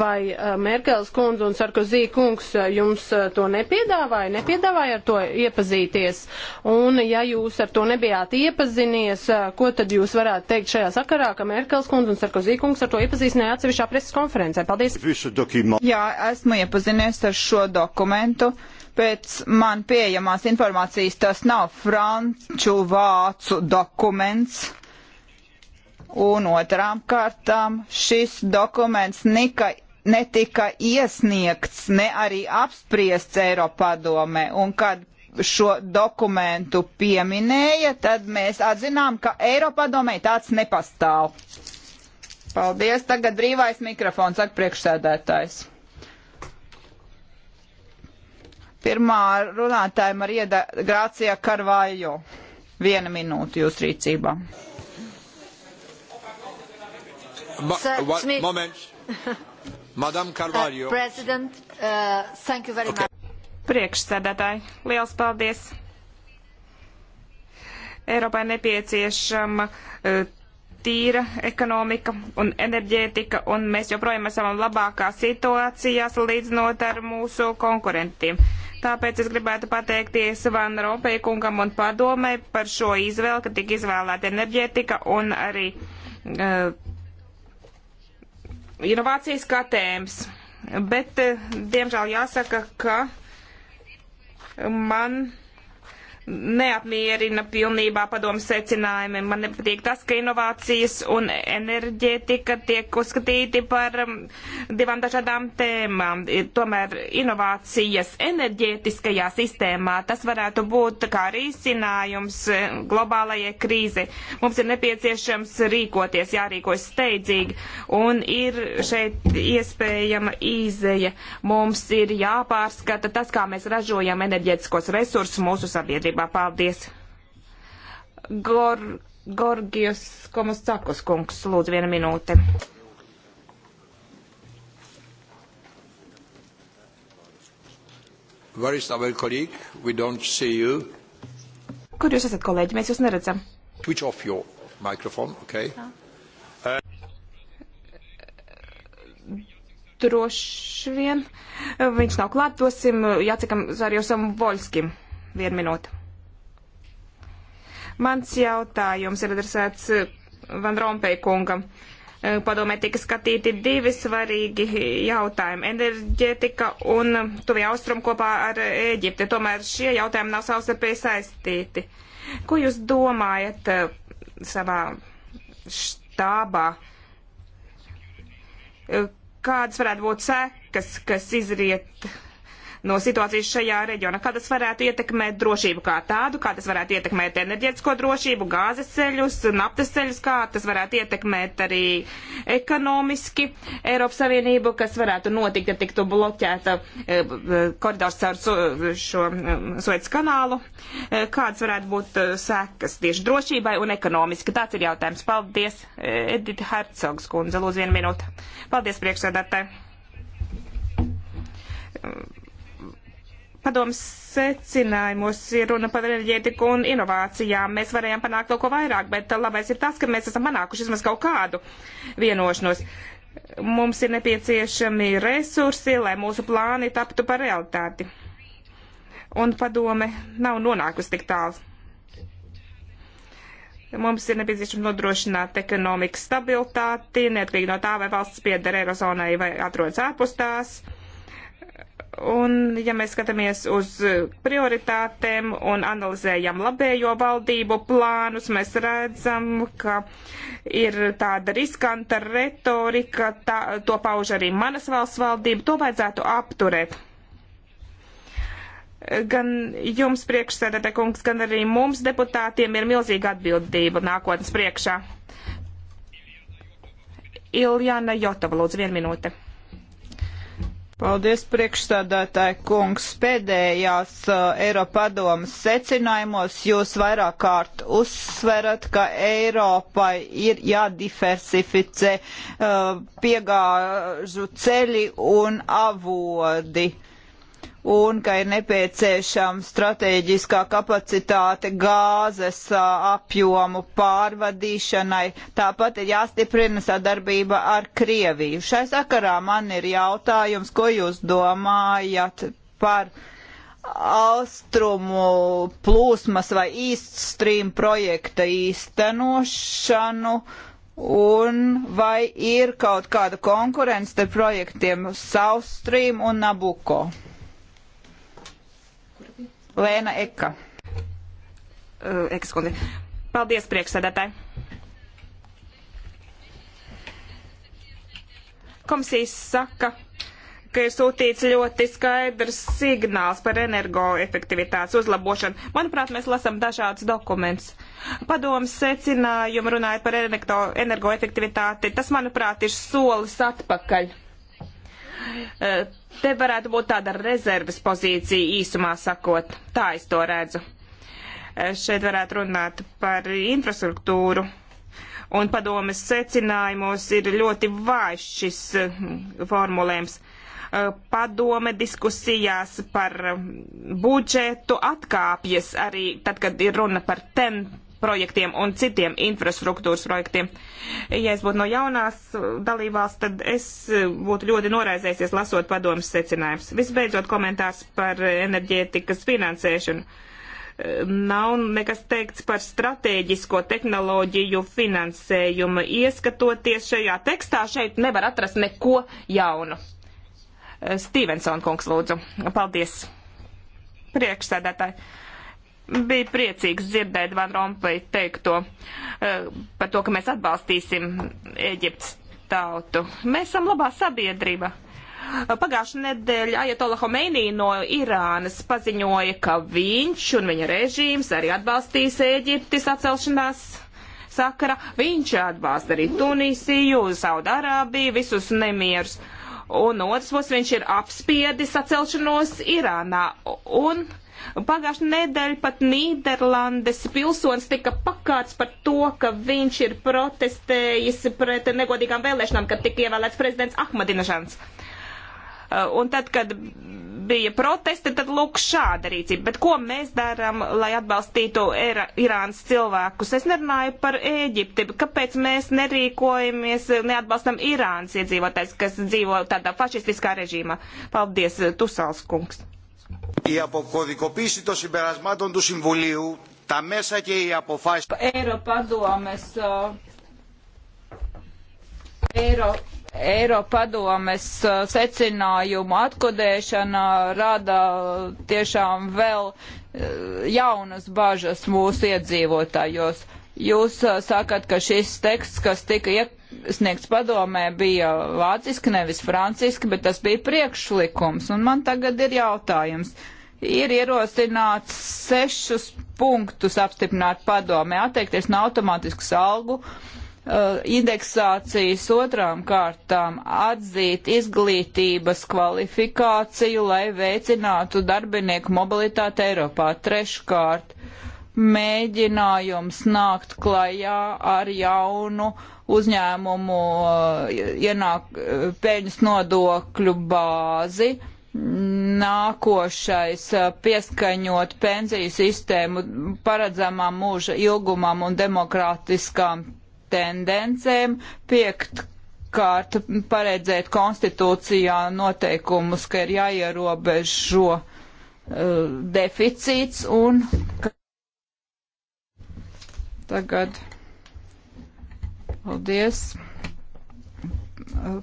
vai eh, Merkels kundze un Sarkozī kungs eh, jums to nepiedāvāja, nepiedāvāja ar to iepazīties. Un ja jūs ar to nebijāt iepazinies, ko tad jūs varētu teikt šajā sakarā, ka Merkels kundze un Sarkozī kungs ar to iepazīstināja atsevišķā preses konferencē? Paldies! Jā, esmu iepazinies ar šo dokumentu. Uh, Pēc man pieejamās informācijas tas nav franču vācu dokuments. Un otrām kārtām šis dokuments nika, netika iesniegts, ne arī apspriests Eiropadomē. Un kad šo dokumentu pieminēja, tad mēs atzinām, ka Eiropadomē tāds nepastāv. Paldies, tagad brīvais mikrofons, saka priekšsēdētājs. Pirmā runātāja Marieda Grācija Karvajo. Viena minūte jūs rīcībā. Ma, va, moments. Madam Karvajo. Uh, President, uh, thank you very okay. much. Priekšsēdētāji, liels paldies. Eiropai nepieciešama uh, tīra ekonomika un enerģētika, un mēs joprojām esam labākā situācijā salīdzinot ar mūsu konkurentiem. Tāpēc es gribētu pateikties Van Rompēja kungam un padomē par šo izvēli, ka tika izvēlēta enerģētika un arī uh, inovācijas kā tēmas. Bet, uh, diemžēl jāsaka, ka man. Uh, neapmierina pilnībā padomu secinājumi. Man nepatīk tas, ka inovācijas un enerģētika tiek uzskatīti par um, divām dažādām tēmām. Tomēr inovācijas enerģētiskajā sistēmā tas varētu būt kā risinājums e, globālajai krīze. Mums ir nepieciešams rīkoties, jārīkojas steidzīgi un ir šeit iespējama īzeja. Mums ir jāpārskata tas, kā mēs ražojam enerģētiskos resursus mūsu sabiedrībā kārtībā. Paldies! Gor, Gorgijos Komascakus kungs, lūdzu, viena minūte. Where is our colleague? We don't see you. Kur jūs esat, kolēģi? Mēs jūs neredzam. Switch off your microphone, okay? Uh, droši vien. Viņš nav klāt, dosim Jācekam Zārjosam Voļskim. Vienu minūtu. Mans jautājums ir adresēts eh, Van Rompēj kungam. Eh, padomē tika skatīti divi svarīgi jautājumi - enerģētika un tuvie austrumu kopā ar Ēģipti. Tomēr šie jautājumi nav savstarpēji saistīti. Ko jūs domājat eh, savā štābā? Kādas varētu būt sekas, kas izriet no situācijas šajā reģionā. Kā tas varētu ietekmēt drošību kā tādu, kā tas varētu ietekmēt enerģētisko drošību, gāzes ceļus, naftas ceļus, kā tas varētu ietekmēt arī ekonomiski Eiropas Savienību, kas varētu notikt, ja tiktu bloķēta eh, eh, koridors caur šo eh, Suets kanālu. Kādas varētu būt sekas tieši drošībai un ekonomiski? Tāds ir jautājums. Paldies, Edita Hercogs kundze, lūdzu vienu minūtu. Paldies, priekšsēdētāji padomas secinājumos ir runa par enerģētiku un inovācijām. Mēs varējām panākt kaut ko vairāk, bet labais ir tas, ka mēs esam panākuši vismaz kaut kādu vienošanos. Mums ir nepieciešami resursi, lai mūsu plāni taptu par realitāti. Un padome nav nonākusi tik tālu. Mums ir nepieciešams nodrošināt ekonomikas stabilitāti, neatkarīgi no tā, vai valsts pieder Eirozonai vai atrodas ārpus tās. Uh, Un, ja mēs skatāmies uz prioritātēm un analizējam labējo valdību plānus, mēs redzam, ka ir tāda riskanta retorika, tā, to pauž arī manas valsts valdība, to vajadzētu apturēt. Gan jums priekšsēdētē kungs, gan arī mums deputātiem ir milzīga atbildība nākotnes priekšā. Iljana Jotava, lūdzu, vienu minūti. Paldies, priekšstādātāji kungs. Pēdējās uh, Eiropadomas secinājumos jūs vairāk kārt uzsverat, ka Eiropai ir jādiversificē uh, piegāžu ceļi un avodi. Uh, un ka ir nepieciešama strateģiskā kapacitāte gāzes apjomu pārvadīšanai. Tāpat ir jāstiprina sadarbība ar Krieviju. Šai sakarā man ir jautājums, ko jūs domājat par austrumu plūsmas vai East Stream projekta īstenošanu un vai ir kaut kāda konkurence te projektiem South Stream un Nabuko? Lēna Eka. Uh, Ekas kundze. Paldies, priekšsēdētāji. Komisijas saka, ka ir sūtīts ļoti skaidrs signāls par energoefektivitātes uzlabošanu. Manuprāt, mēs lasam dažādus dokumentus. Padomas secinājumu runājot par energoefektivitāti, tas, manuprāt, ir solis atpakaļ Eh, te varētu būt tāda rezerves pozīcija īsumā sakot. Tā es to redzu. Eh, šeit varētu runāt par infrastruktūru. Un padomes secinājumos ir ļoti vājš šis eh, formulējums. Padome diskusijās par budžetu atkāpjas arī tad, kad ir runa par ten projektiem un citiem infrastruktūras projektiem. Ja es būtu no jaunās dalībvalsts, tad es eh, būtu ļoti noraizēsies lasot padomus secinājumus. Visbeidzot, komentārs par enerģētikas finansēšanu. Eh, nav nekas teikts par strateģisko tehnoloģiju finansējumu. Ieskatoties šajā tekstā, šeit nevar atrast neko jaunu. Eh, Stevenson kungs lūdzu. Paldies. Priekšsēdētāji bija priecīgs dzirdēt Van Rompuy teikto eh, par to, ka mēs atbalstīsim Eģiptes tautu. Mēs esam labā sabiedrība. Pagājušā nedēļa Ajatola Homeinī no Irānas paziņoja, ka viņš un viņa režīms arī atbalstīs Eģiptes atcelšanās sakara. Viņš atbalsta arī Tunisiju, Saudārābiju, visus nemierus. Uh, un no otras puses viņš ir apspiedis sacelšanos Irānā. Un Pagājušā nedēļa pat Nīderlandes pilsonis tika pakāts par to, ka viņš ir protestējis pret negodīgām vēlēšanām, kad tika ievēlēts prezidents Ahmadinažans. Uh, Eh, un tad, kad bija protesti, tad lūk šāda rīcība. Bet ko mēs darām, lai atbalstītu Irānas cilvēkus? Es nerunāju par Ēģipti. Kāpēc mēs nerīkojamies, neatbalstam Irānas iedzīvotājs, kas dzīvo tādā fašistiskā režīmā? Paldies, eh, Tusals kungs. Η αποκωδικοποίηση των συμπερασμάτων του Συμβουλίου, τα μέσα και οι αποφάσεις... Eiropadomes, uh, eh, Eiropa Eiropadomes uh, secinājumu atkodēšana rada tiešām vēl uh, jaunas bažas mūsu iedzīvotājos. Jūs uh, sakat, ka šis teksts, kas tika iesniegts padomē, bija vāciski, nevis franciski, bet tas bija priekšlikums. Un man tagad ir jautājums. Ir ierosināts sešus punktus apstiprināt padomē, atteikties no automātiskas algu uh, Uh, indeksācijas otrām kārtām atzīt izglītības kvalifikāciju, lai veicinātu darbinieku mobilitāti Eiropā. Treškārt, mēģinājums nākt klajā ar jaunu uzņēmumu uh, ienāk uh, peļņas nodokļu bāzi. Nākošais pieskaņot pensiju sistēmu paredzamām mūža ilgumam un demokrātiskām tendencēm, piektkārt paredzēt konstitūcijā noteikumus, ka ir jāierobežo uh, deficīts un tagad. Paldies.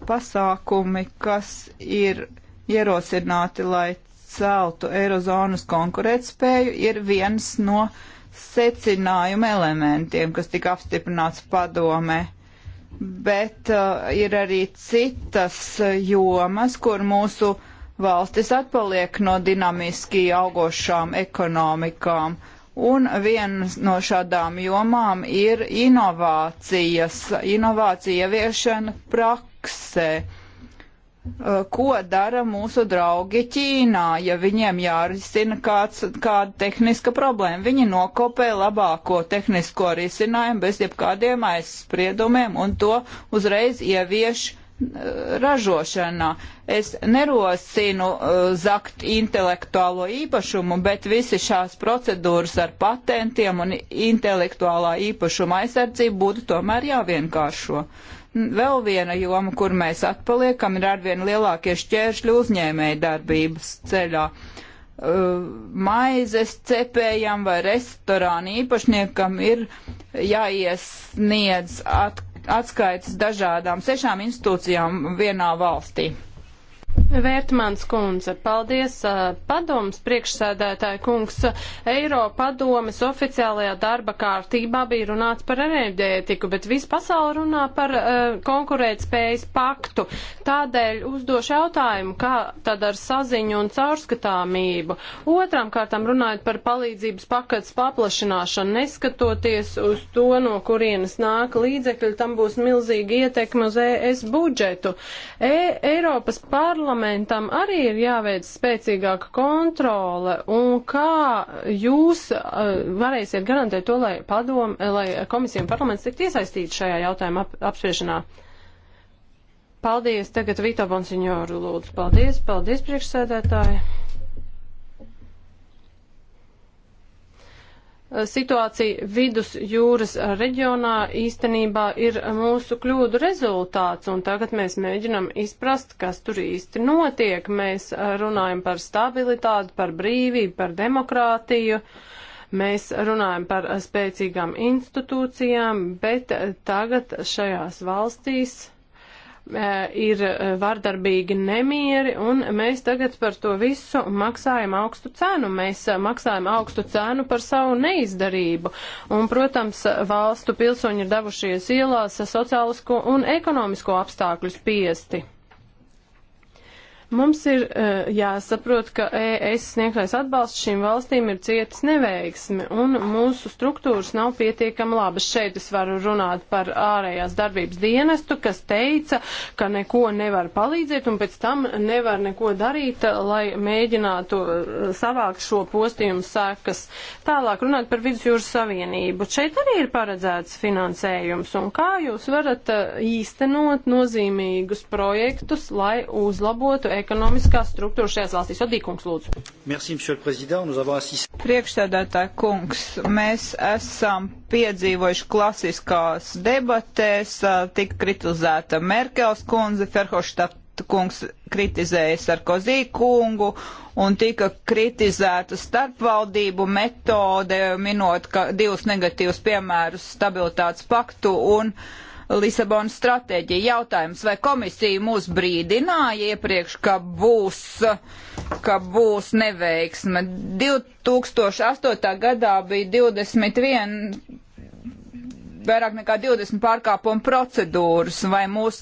Pasākumi, kas ir ierosināti, lai celtu Eirozonas konkurētspēju, ir viens no uh, secinājumu elementiem, kas tika apstiprināts padome. Bet uh, ir arī citas jomas, kur mūsu valstis atpaliek no dinamiski augošām ekonomikām. Un viena no šādām jomām ir inovācijas, inovācija ieviešana praksē. Uh, Uh, ko dara mūsu draugi Ķīnā, ja viņiem jārisina kāds, kāda tehniska problēma. Viņi nokopē labāko tehnisko risinājumu bez jebkādiem aizspriedumiem un to uzreiz ievieš uh, ražošanā. Es nerosinu uh, zakt intelektuālo īpašumu, bet visi šās procedūras ar patentiem un intelektuālā īpašuma aizsardzību būtu tomēr jāvienkāršo. Uh, Vēl viena joma, kur mēs atpaliekam, ir arvien lielākie šķēršļi uzņēmēja darbības ceļā. Uh, maizes cepējam vai restorāna īpašniekam ir jāiesniedz at, atskaites dažādām sešām institūcijām vienā valstī. Vērtmans kundze, paldies padomas priekšsēdētāja kungs. Eiro padomas oficiālajā darba kārtībā bija runāts par enerģētiku, bet viss pasauli runā par uh, konkurētspējas paktu. Tādēļ uzdošu jautājumu, kā tad ar saziņu un caurskatāmību. Otram kārtam runājot par palīdzības pakats paplašināšanu, neskatoties uz to, no kurienes nāk līdzekļi, tam būs milzīga ietekme uz ES budžetu. E Eiropas parlaments parlamentam arī ir jāveic spēcīgāka kontrole, un kā jūs eh, varēsiet garantēt to, lai padom, lai komisija un parlaments tiktu iesaistīti šajā jautājuma ap apspriešanā? Paldies, tagad Vito Bonsignoru lūdzu. Paldies, paldies priekšsēdētāji. situācija vidus jūras reģionā īstenībā ir mūsu kļūdu rezultāts, un tagad mēs mēģinam izprast, kas tur īsti notiek. Mēs uh, runājam par stabilitāti, par brīvību, par demokrātiju. Mēs runājam par uh, spēcīgām institūcijām, bet uh, tagad šajās valstīs E, ir e, vardarbīgi nemieri, un mēs tagad par to visu maksājam augstu cenu. Mēs e, maksājam augstu cenu par savu neizdarību. Un, protams, valstu pilsoņi ir devušies ielās sociālisko un ekonomisko apstākļu spiesti. Mums ir uh, jāsaprot, ka ES sniegtais atbalsts šīm valstīm ir cietas neveiksmi, un mūsu struktūras nav pietiekami labas. Šeit es varu runāt par ārējās darbības dienestu, kas teica, ka neko nevar palīdzēt, un pēc tam nevar neko darīt, lai mēģinātu eh, savākt šo postījumu sākas. Tālāk runāt par Vidusjūras Savienību. Šeit arī ir paredzēts finansējums, un kā jūs varat uh, īstenot nozīmīgus projektus, lai uzlabotu ekonomiku? ekonomiskās struktūras šajās valstīs. Odīkungs, lūdzu. Merci, assist... Priekšsēdētāji kungs, mēs esam piedzīvojuši klasiskās debatēs, tika kritizēta Merkels kundze, Ferhoštata kungs kritizēja Sarkozī kungu un tika kritizēta starpvaldību metode, minot divus negatīvus piemērus stabilitātes paktu un uh, Lisabonas stratēģiju. Jautājums, vai komisija mūs brīdināja iepriekš, ka būs, ka būs neveiksme? 2008. gadā bija 21 vairāk nekā 20 pārkāpumu procedūras, vai mūs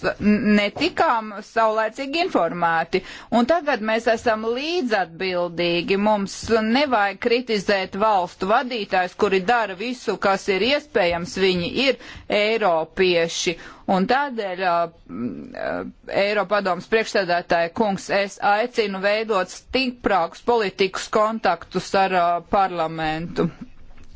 netikām saulēcīgi informēti. Un tagad mēs esam līdzatbildīgi. Mums nevajag kritizēt valstu vadītājs, kuri dara visu, kas ir iespējams. Viņi ir eiropieši. Un tādēļ uh, Eiropadomas priekšsēdētāja kungs es aicinu veidot stiprākus politikas kontaktus ar uh, parlamentu.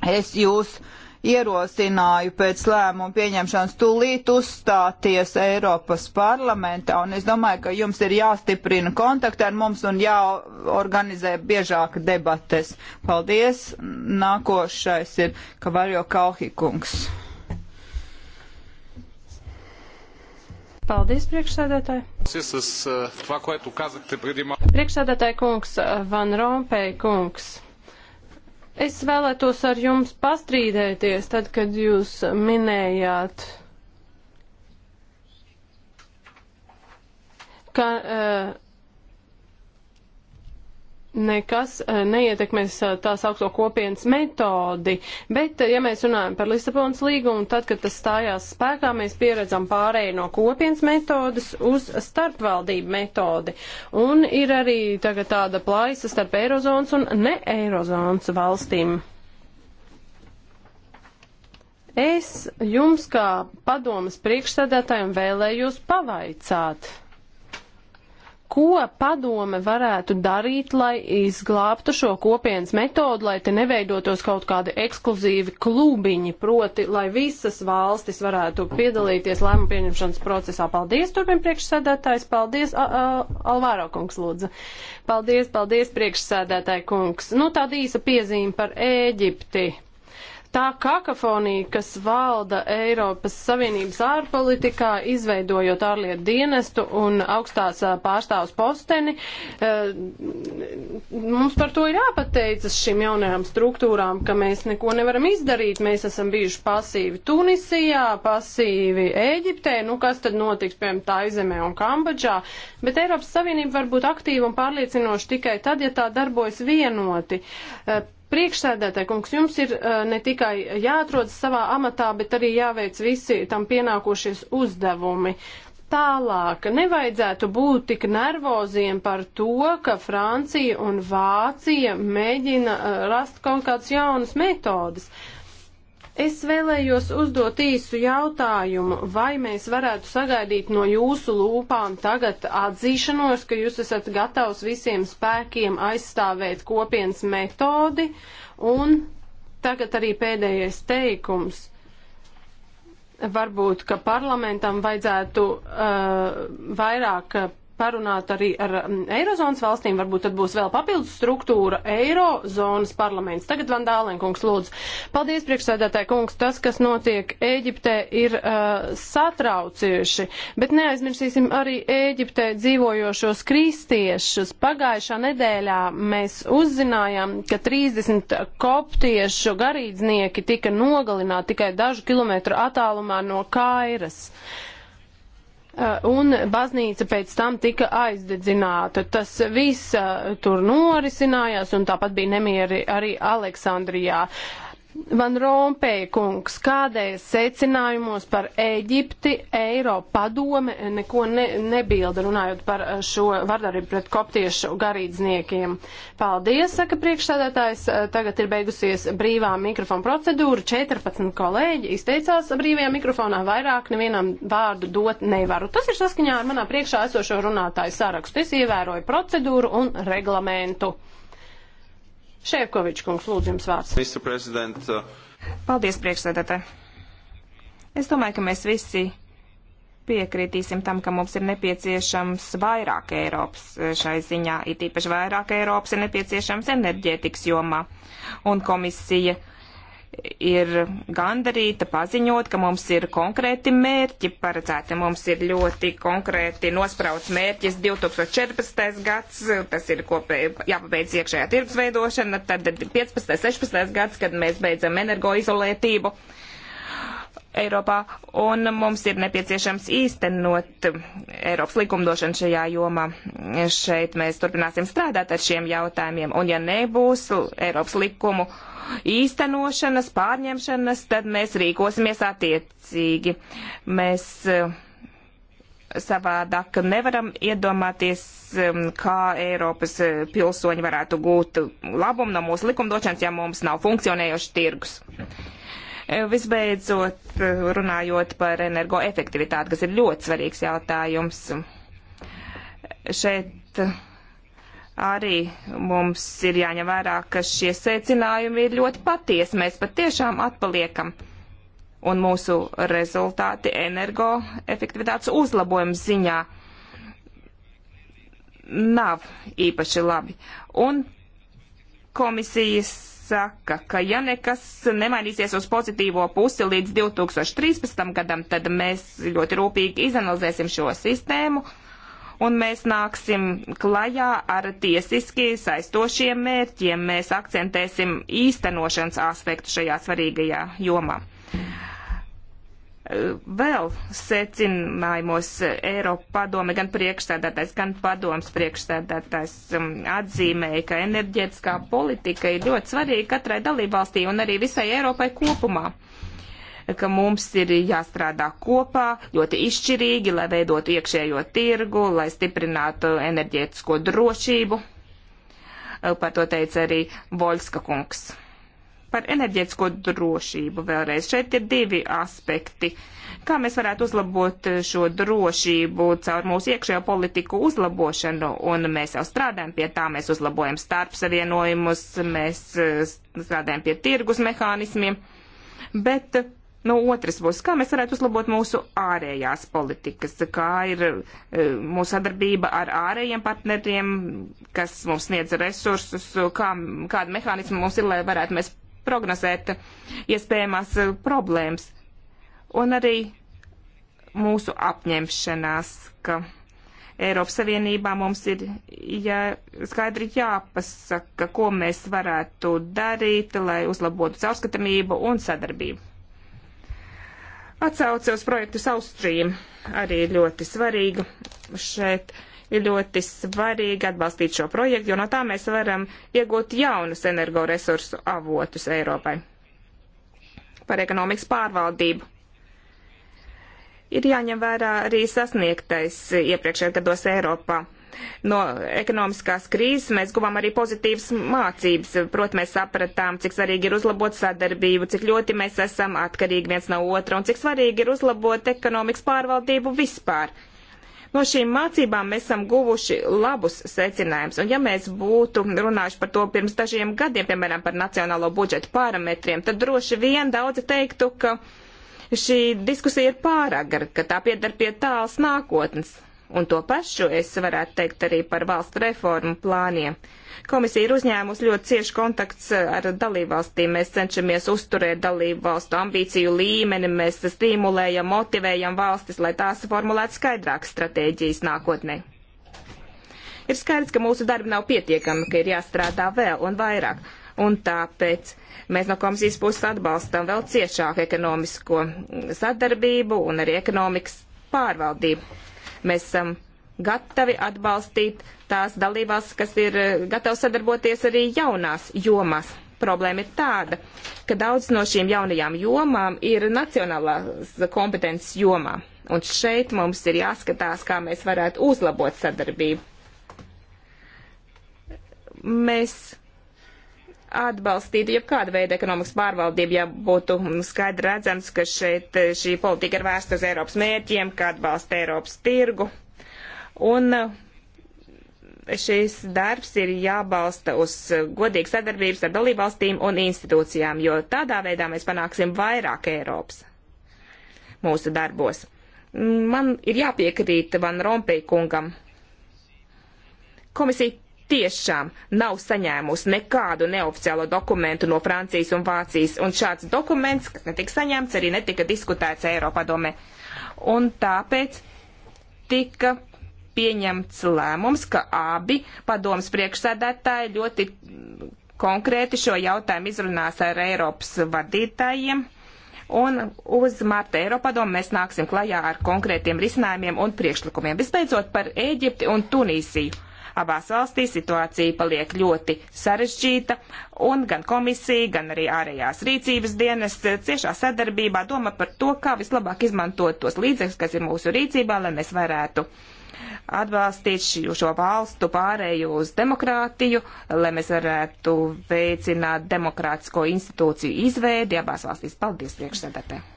Es jūs uh, ierosināju pēc lēmumu pieņemšanas tūlīt uzstāties Eiropas parlamentā, un es domāju, ka jums ir jāstiprina kontakti ar mums un jāorganizē biežāk debates. Paldies! Nākošais ir Kavarjo Kalhikungs. Paldies, priekšsēdētāji. Eh, priekšsēdētāji kungs, eh, Van Rompēj kungs. Es vēlētos ar jums pastrīdēties, tad, kad jūs minējāt, ka uh, nekas eh, neietekmēs eh, tās augsto kopienas metodi, bet, eh, ja mēs runājam par Lisabonas līgumu, tad, kad tas stājās spēkā, mēs pieredzam pārēju no kopienas metodas uz starpvaldību metodi. Un ir arī tagad tāda plaisa starp Eirozonas un ne Eirozonas valstīm. Es jums kā padomas priekšsēdētājiem vēlējos pavaicāt ko padome varētu darīt, lai izglābtu šo kopienas metodu, lai te neveidotos kaut kādi ekskluzīvi klubiņi, proti, lai visas valstis varētu piedalīties lēmumu pieņemšanas procesā. Paldies, turpin priekšsēdētājs, paldies, a, a, Alvāro kungs lūdzu. Paldies, paldies, priekšsēdētāji kungs. Nu, tāda īsa piezīme par Ēģipti. Tā kakafonija, kas valda Eiropas Savienības ārpolitikā, izveidojot ārlietu dienestu un augstās pārstāvs posteni, mums par to ir jāpateicas šīm jaunajām struktūrām, ka mēs neko nevaram izdarīt. Mēs esam bijuši pasīvi Tunisijā, pasīvi Ēģiptē, nu kas tad notiks, piemēram, Taizemē un Kambodžā. Bet Eiropas Savienība var būt aktīva un pārliecinoša tikai tad, ja tā darbojas vienoti. Priekšsēdētāji kungs, jums ir uh, ne tikai jāatrodas savā amatā, bet arī jāveic visi tam pienākošies uzdevumi. Tālāk nevajadzētu būt tik nervoziem par to, ka Francija un Vācija mēģina uh, rast kaut kādas jaunas metodas. Uh, Es vēlējos uzdot īsu jautājumu, vai mēs varētu sagaidīt no jūsu lūpām tagad atzīšanos, ka jūs esat gatavs visiem spēkiem aizstāvēt kopienas metodi, un tagad arī pēdējais teikums. Varbūt, ka parlamentam vajadzētu uh, vairāk parunāt arī ar mm, Eirozonas valstīm, varbūt tad būs vēl papildus struktūra Eirozonas parlaments. Tagad Van Dālenkungs lūdzu. Paldies, priekšsēdētāji kungs, tas, kas notiek Ēģiptē, ir uh, satraucieši, bet neaizmirsīsim arī Ēģiptē dzīvojošos kristiešus. Pagājušā nedēļā mēs uzzinājām, ka 30 koptiešu garīdznieki tika nogalināti tikai dažu kilometru attālumā no Kairas. Uh, Eh, un baznīca pēc tam tika aizdedzināta. Tas viss eh, tur norisinājās, un tāpat bija nemieri arī Aleksandrijā. Uh, Van Rompēja kungs, kādēļ secinājumos par Eģipti Eiropa padome neko ne, nebilda runājot par eh, šo vardarību pret koptiešu garīdzniekiem? Paldies, saka priekšstādātājs. Eh, tagad ir beigusies brīvā mikrofona procedūra. 14 kolēģi izteicās brīvajā mikrofonā. Vairāk nevienam vārdu dot nevaru. Tas ir saskaņā ar manā priekšā esošo runātāju sarakstu. Es ievēroju procedūru un reglamentu. Šefkovičs kungs, lūdzu jums vārds. Uh, Paldies, priekšsēdētāji. Es domāju, ka mēs visi piekritīsim tam, ka mums ir nepieciešams vairāk Eiropas e, šai ziņā, it īpaši vairāk Eiropas ir nepieciešams enerģētikas jomā. Un komisija uh, ir gandarīta paziņot, ka mums ir konkrēti mērķi paredzēti. Mums ir ļoti konkrēti nosprauts mērķis 2014. gads, tas ir kopēji jāpabeidz iekšējā tirgus veidošana, tad 15. 16. gads, kad mēs beidzam energoizolētību. izolētību Eiropā, un mums ir nepieciešams īstenot Eiropas likumdošanu šajā jomā. Šeit mēs turpināsim strādāt ar šiem jautājumiem, un ja nebūs Eiropas likumu īstenošanas, pārņemšanas, tad mēs rīkosimies attiecīgi. Mēs eh, savādāk nevaram iedomāties, eh, kā Eiropas eh, pilsoņi varētu gūt labumu no mūsu likumdošanas, ja mums nav funkcionējošs tirgus. E, visbeidzot, e, runājot par energoefektivitāti, kas ir ļoti svarīgs jautājums, šeit arī mums ir jāņem vērā, ka šie secinājumi ir ļoti patiesi. Mēs patiešām atpaliekam un mūsu rezultāti energoefektivitātes uzlabojums ziņā nav īpaši labi. Un komisijas saka, ka ja nekas nemainīsies uz pozitīvo pusi līdz 2013. gadam, tad mēs ļoti rūpīgi izanalizēsim šo sistēmu un mēs nāksim klajā ar tiesiski saistošiem mērķiem. Mēs akcentēsim īstenošanas aspektu šajā svarīgajā jomā vēl secinājumos Eiropa padome, gan priekšstādātājs, gan padoms priekšstādātājs um, atzīmēja, ka enerģētiskā politika ir ļoti svarīga katrai dalībvalstī un arī visai Eiropai kopumā ka mums ir jāstrādā kopā ļoti izšķirīgi, lai veidotu iekšējo tirgu, lai stiprinātu enerģētisko drošību. Par to teica arī Voļska kungs par enerģētisko drošību vēlreiz. Šeit ir divi aspekti. Kā mēs varētu uzlabot šo drošību caur mūsu iekšējo politiku uzlabošanu, un mēs jau strādājam pie tā, mēs uzlabojam starpsavienojumus, mēs eh, strādājam pie tirgus mehānismiem, bet no nu, otras puses, kā mēs varētu uzlabot mūsu ārējās politikas, kā ir eh, mūsu sadarbība ar ārējiem partneriem, kas mums sniedz resursus, kā, kāda mehānisma mums ir, lai varētu mēs prognozēt iespējamās eh, problēmas. Un arī mūsu apņemšanās, ka Eiropas Savienībā mums ir jā, skaidri jāpasaka, ko mēs varētu darīt, lai uzlabotu caurskatamību un sadarbību. Atsauce uz projektu South Stream arī ļoti svarīga šeit. Uh, ir ļoti svarīgi atbalstīt šo projektu, jo no tā mēs varam iegūt jaunus energoresursu avotus Eiropai. Par ekonomikas pārvaldību. Ir jāņem vērā arī sasniegtais iepriekšējā gados Eiropā. No ekonomiskās krīzes mēs guvām arī pozitīvas mācības, proti mēs sapratām, cik svarīgi ir uzlabot sadarbību, cik ļoti mēs esam atkarīgi viens no otra un cik svarīgi ir uzlabot ekonomikas pārvaldību vispār No šīm mācībām mēs esam guvuši labus secinājumus. Un ja mēs būtu runājuši par to pirms dažiem gadiem, piemēram, par nacionālo budžetu parametriem, tad droši vien daudzi teiktu, ka šī diskusija ir pāragra, ka tā piedar pie tāls nākotnes. Un to pašu es varētu teikt arī par valstu reformu plāniem. Komisija ir uzņēmusi ļoti cieši kontakts ar dalībvalstīm. Mēs cenšamies uzturēt dalībvalstu ambīciju līmeni, mēs stimulējam, motivējam valstis, lai tās formulētu skaidrākas stratēģijas nākotnē. Ir skaidrs, ka mūsu darbi nav pietiekami, ka ir jāstrādā vēl un vairāk. Un tāpēc mēs no komisijas puses atbalstam vēl ciešāku ekonomisko sadarbību un arī ekonomikas pārvaldību Mēs esam gatavi atbalstīt tās dalībās, kas ir eh, gatavi sadarboties arī jaunās jomās. Problēma ir tāda, ka daudz no šīm jaunajām jomām ir nacionālās kompetences jomā. Un šeit mums ir jāskatās, kā mēs varētu uzlabot sadarbību. Mēs atbalstītu jebkāda veida ekonomikas pārvaldību, ja būtu skaidri redzams, ka šeit eh, šī politika ir vērsta uz Eiropas mērķiem, kā atbalsta Eiropas tirgu. Un eh, šis darbs ir jābalsta uz eh, godīgu sadarbības ar dalībvalstīm un institūcijām, jo tādā veidā mēs panāksim vairāk Eiropas mūsu darbos. Mm, man ir jāpiekrīt Van Rompēj kungam. Komisija tiešām nav saņēmusi nekādu neoficiālo dokumentu no Francijas un Vācijas, un šāds dokuments, kas netika saņemts, arī netika diskutēts Eiropadomē. Un tāpēc tika pieņemts lēmums, ka abi padomas priekšsēdētāji ļoti konkrēti šo jautājumu izrunās ar Eiropas vadītājiem. Un uz Marta Eiropadomu mēs nāksim klajā ar konkrētiem risinājumiem un priekšlikumiem. Visbeidzot par Ēģipti un Tunīsiju Abās valstīs situācija paliek ļoti sarežģīta, un gan komisija, gan arī ārējās rīcības dienas ciešā sadarbībā domā par to, kā vislabāk izmantot tos līdzekļus, kas ir mūsu rīcībā, lai mēs varētu atbalstīt šo valstu pārēju uz demokrātiju, lai mēs varētu veicināt demokrātisko institūciju izveidi abās valstīs. Paldies, priekšsēdētāji!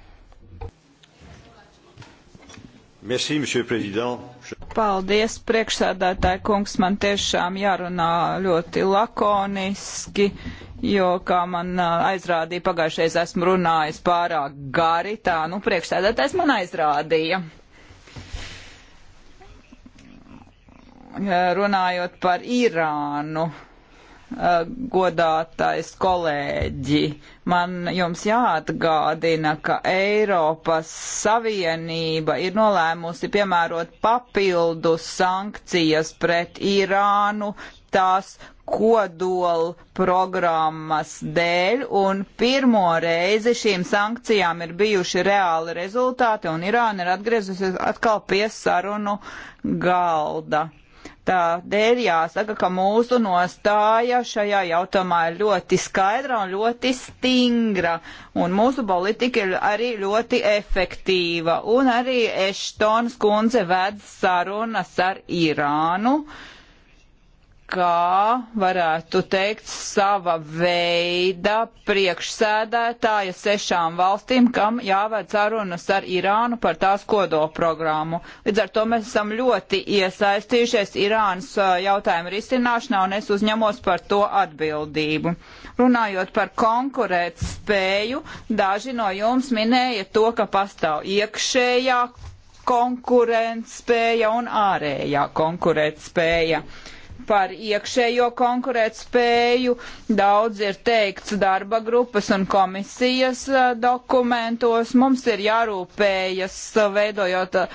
Merci, monsieur le président. Paldies, priekšsēdētāji kungs, man tiešām jārunā ļoti lakoniski, jo, kā man aizrādīja pagājušais, esmu runājis pārāk gari, tā, nu, priekšsēdētājs man aizrādīja. Runājot par Irānu Eh, godātais kolēģi, man jums jāatgādina, ka Eiropas Savienība ir nolēmusi piemērot papildu sankcijas pret Irānu tās kodola programmas dēļ, un pirmo reizi šīm sankcijām ir bijuši reāli rezultāti, un Irāna ir atgriezusies atkal pie sarunu galda. Tādēļ jāsaka, ka mūsu nostāja šajā jautājumā ir ļoti skaidra un ļoti stingra, un mūsu politika ir arī ļoti efektīva, un arī Eštons kundze ved sarunas ar Irānu. Uh, kā varētu teikt sava veida priekšsēdētāja sešām valstīm, kam jāved sarunas ar Irānu par tās kodoprogrammu. Līdz ar to mēs esam ļoti iesaistījušies Irānas jautājumu risināšanā un es uzņemos par to atbildību. Runājot par konkurēt spēju, daži no jums minēja to, ka pastāv iekšējā konkurētspēja un ārējā konkurētspēja. spēja par iekšējo konkurētspēju. Daudz ir teikts darba grupas un komisijas eh, dokumentos. Mums ir jārūpējas eh, veidojot eh,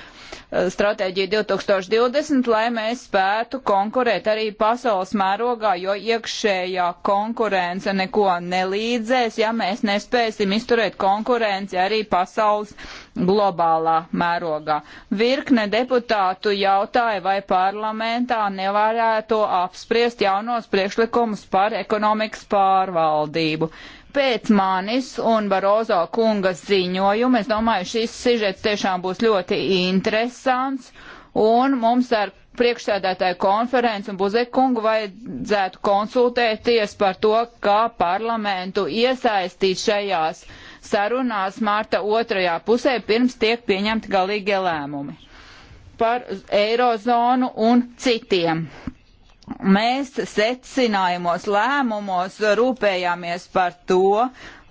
stratēģiju 2020, lai mēs spētu konkurēt arī pasaules mērogā, jo iekšējā konkurence neko nelīdzēs, ja mēs nespēsim izturēt konkurenci arī pasaules globālā mērogā. Virkne deputātu jautāja, vai parlamentā nevarētu apspriest jaunos priekšlikumus par ekonomikas pārvaldību pēc manis un Barozo kungas ziņojuma. Es domāju, šis sižets tiešām būs ļoti interesants un mums ar priekšsēdētāju konferenci un buzekungu vajadzētu konsultēties par to, kā parlamentu iesaistīt šajās sarunās mārta otrajā pusē, pirms tiek pieņemti galīgie lēmumi par eirozonu un citiem mēs secinājumos, lēmumos rūpējāmies par to,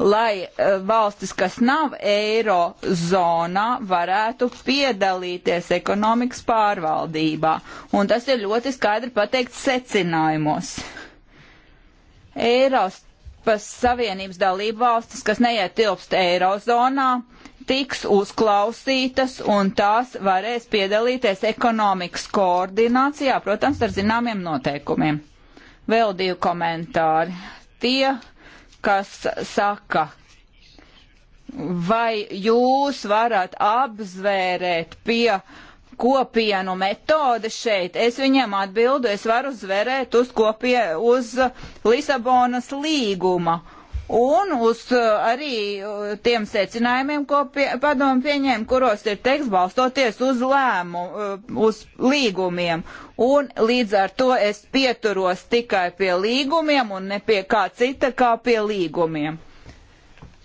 lai e, valstis, kas nav eiro zonā, varētu piedalīties ekonomikas pārvaldībā. Un tas ir ļoti skaidri pateikt secinājumos. Eiropas Savienības dalību valstis, kas neietilpst eirozonā, uh, tiks uzklausītas un tās varēs piedalīties ekonomikas koordinācijā, protams, ar zināmiem noteikumiem. Vēl divi komentāri. Tie, kas saka, vai jūs varat apzvērēt pie kopienu metode šeit, es viņiem atbildu, es varu zvērēt uz, kopie, uz Lisabonas līguma un uz eh, arī eh, tiem secinājumiem, ko pie, padomu pieņēma, kuros ir teksts balstoties uz lēmu, eh, uz līgumiem. Un līdz ar to es pieturos tikai pie līgumiem un ne pie kā cita, kā pie līgumiem.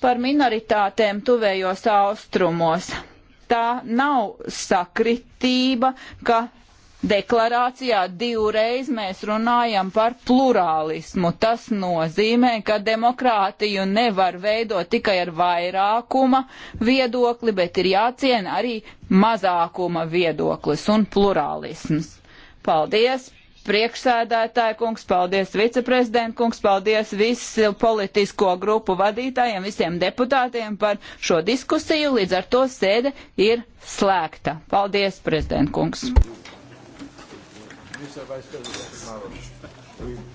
Par minoritātēm tuvējos austrumos. Tā nav sakritība, ka deklarācijā divreiz mēs runājam par plurālismu. Tas nozīmē, ka demokrātiju nevar veidot tikai ar vairākuma viedokli, bet ir jāciena arī mazākuma viedoklis un plurālisms. Paldies! Priekšsēdētāji kungs, paldies viceprezident kungs, paldies visu politisko grupu vadītājiem, visiem deputātiem par šo diskusiju. Līdz ar to sēde ir slēgta. Paldies, prezident kungs. Mr. Vice President. *laughs*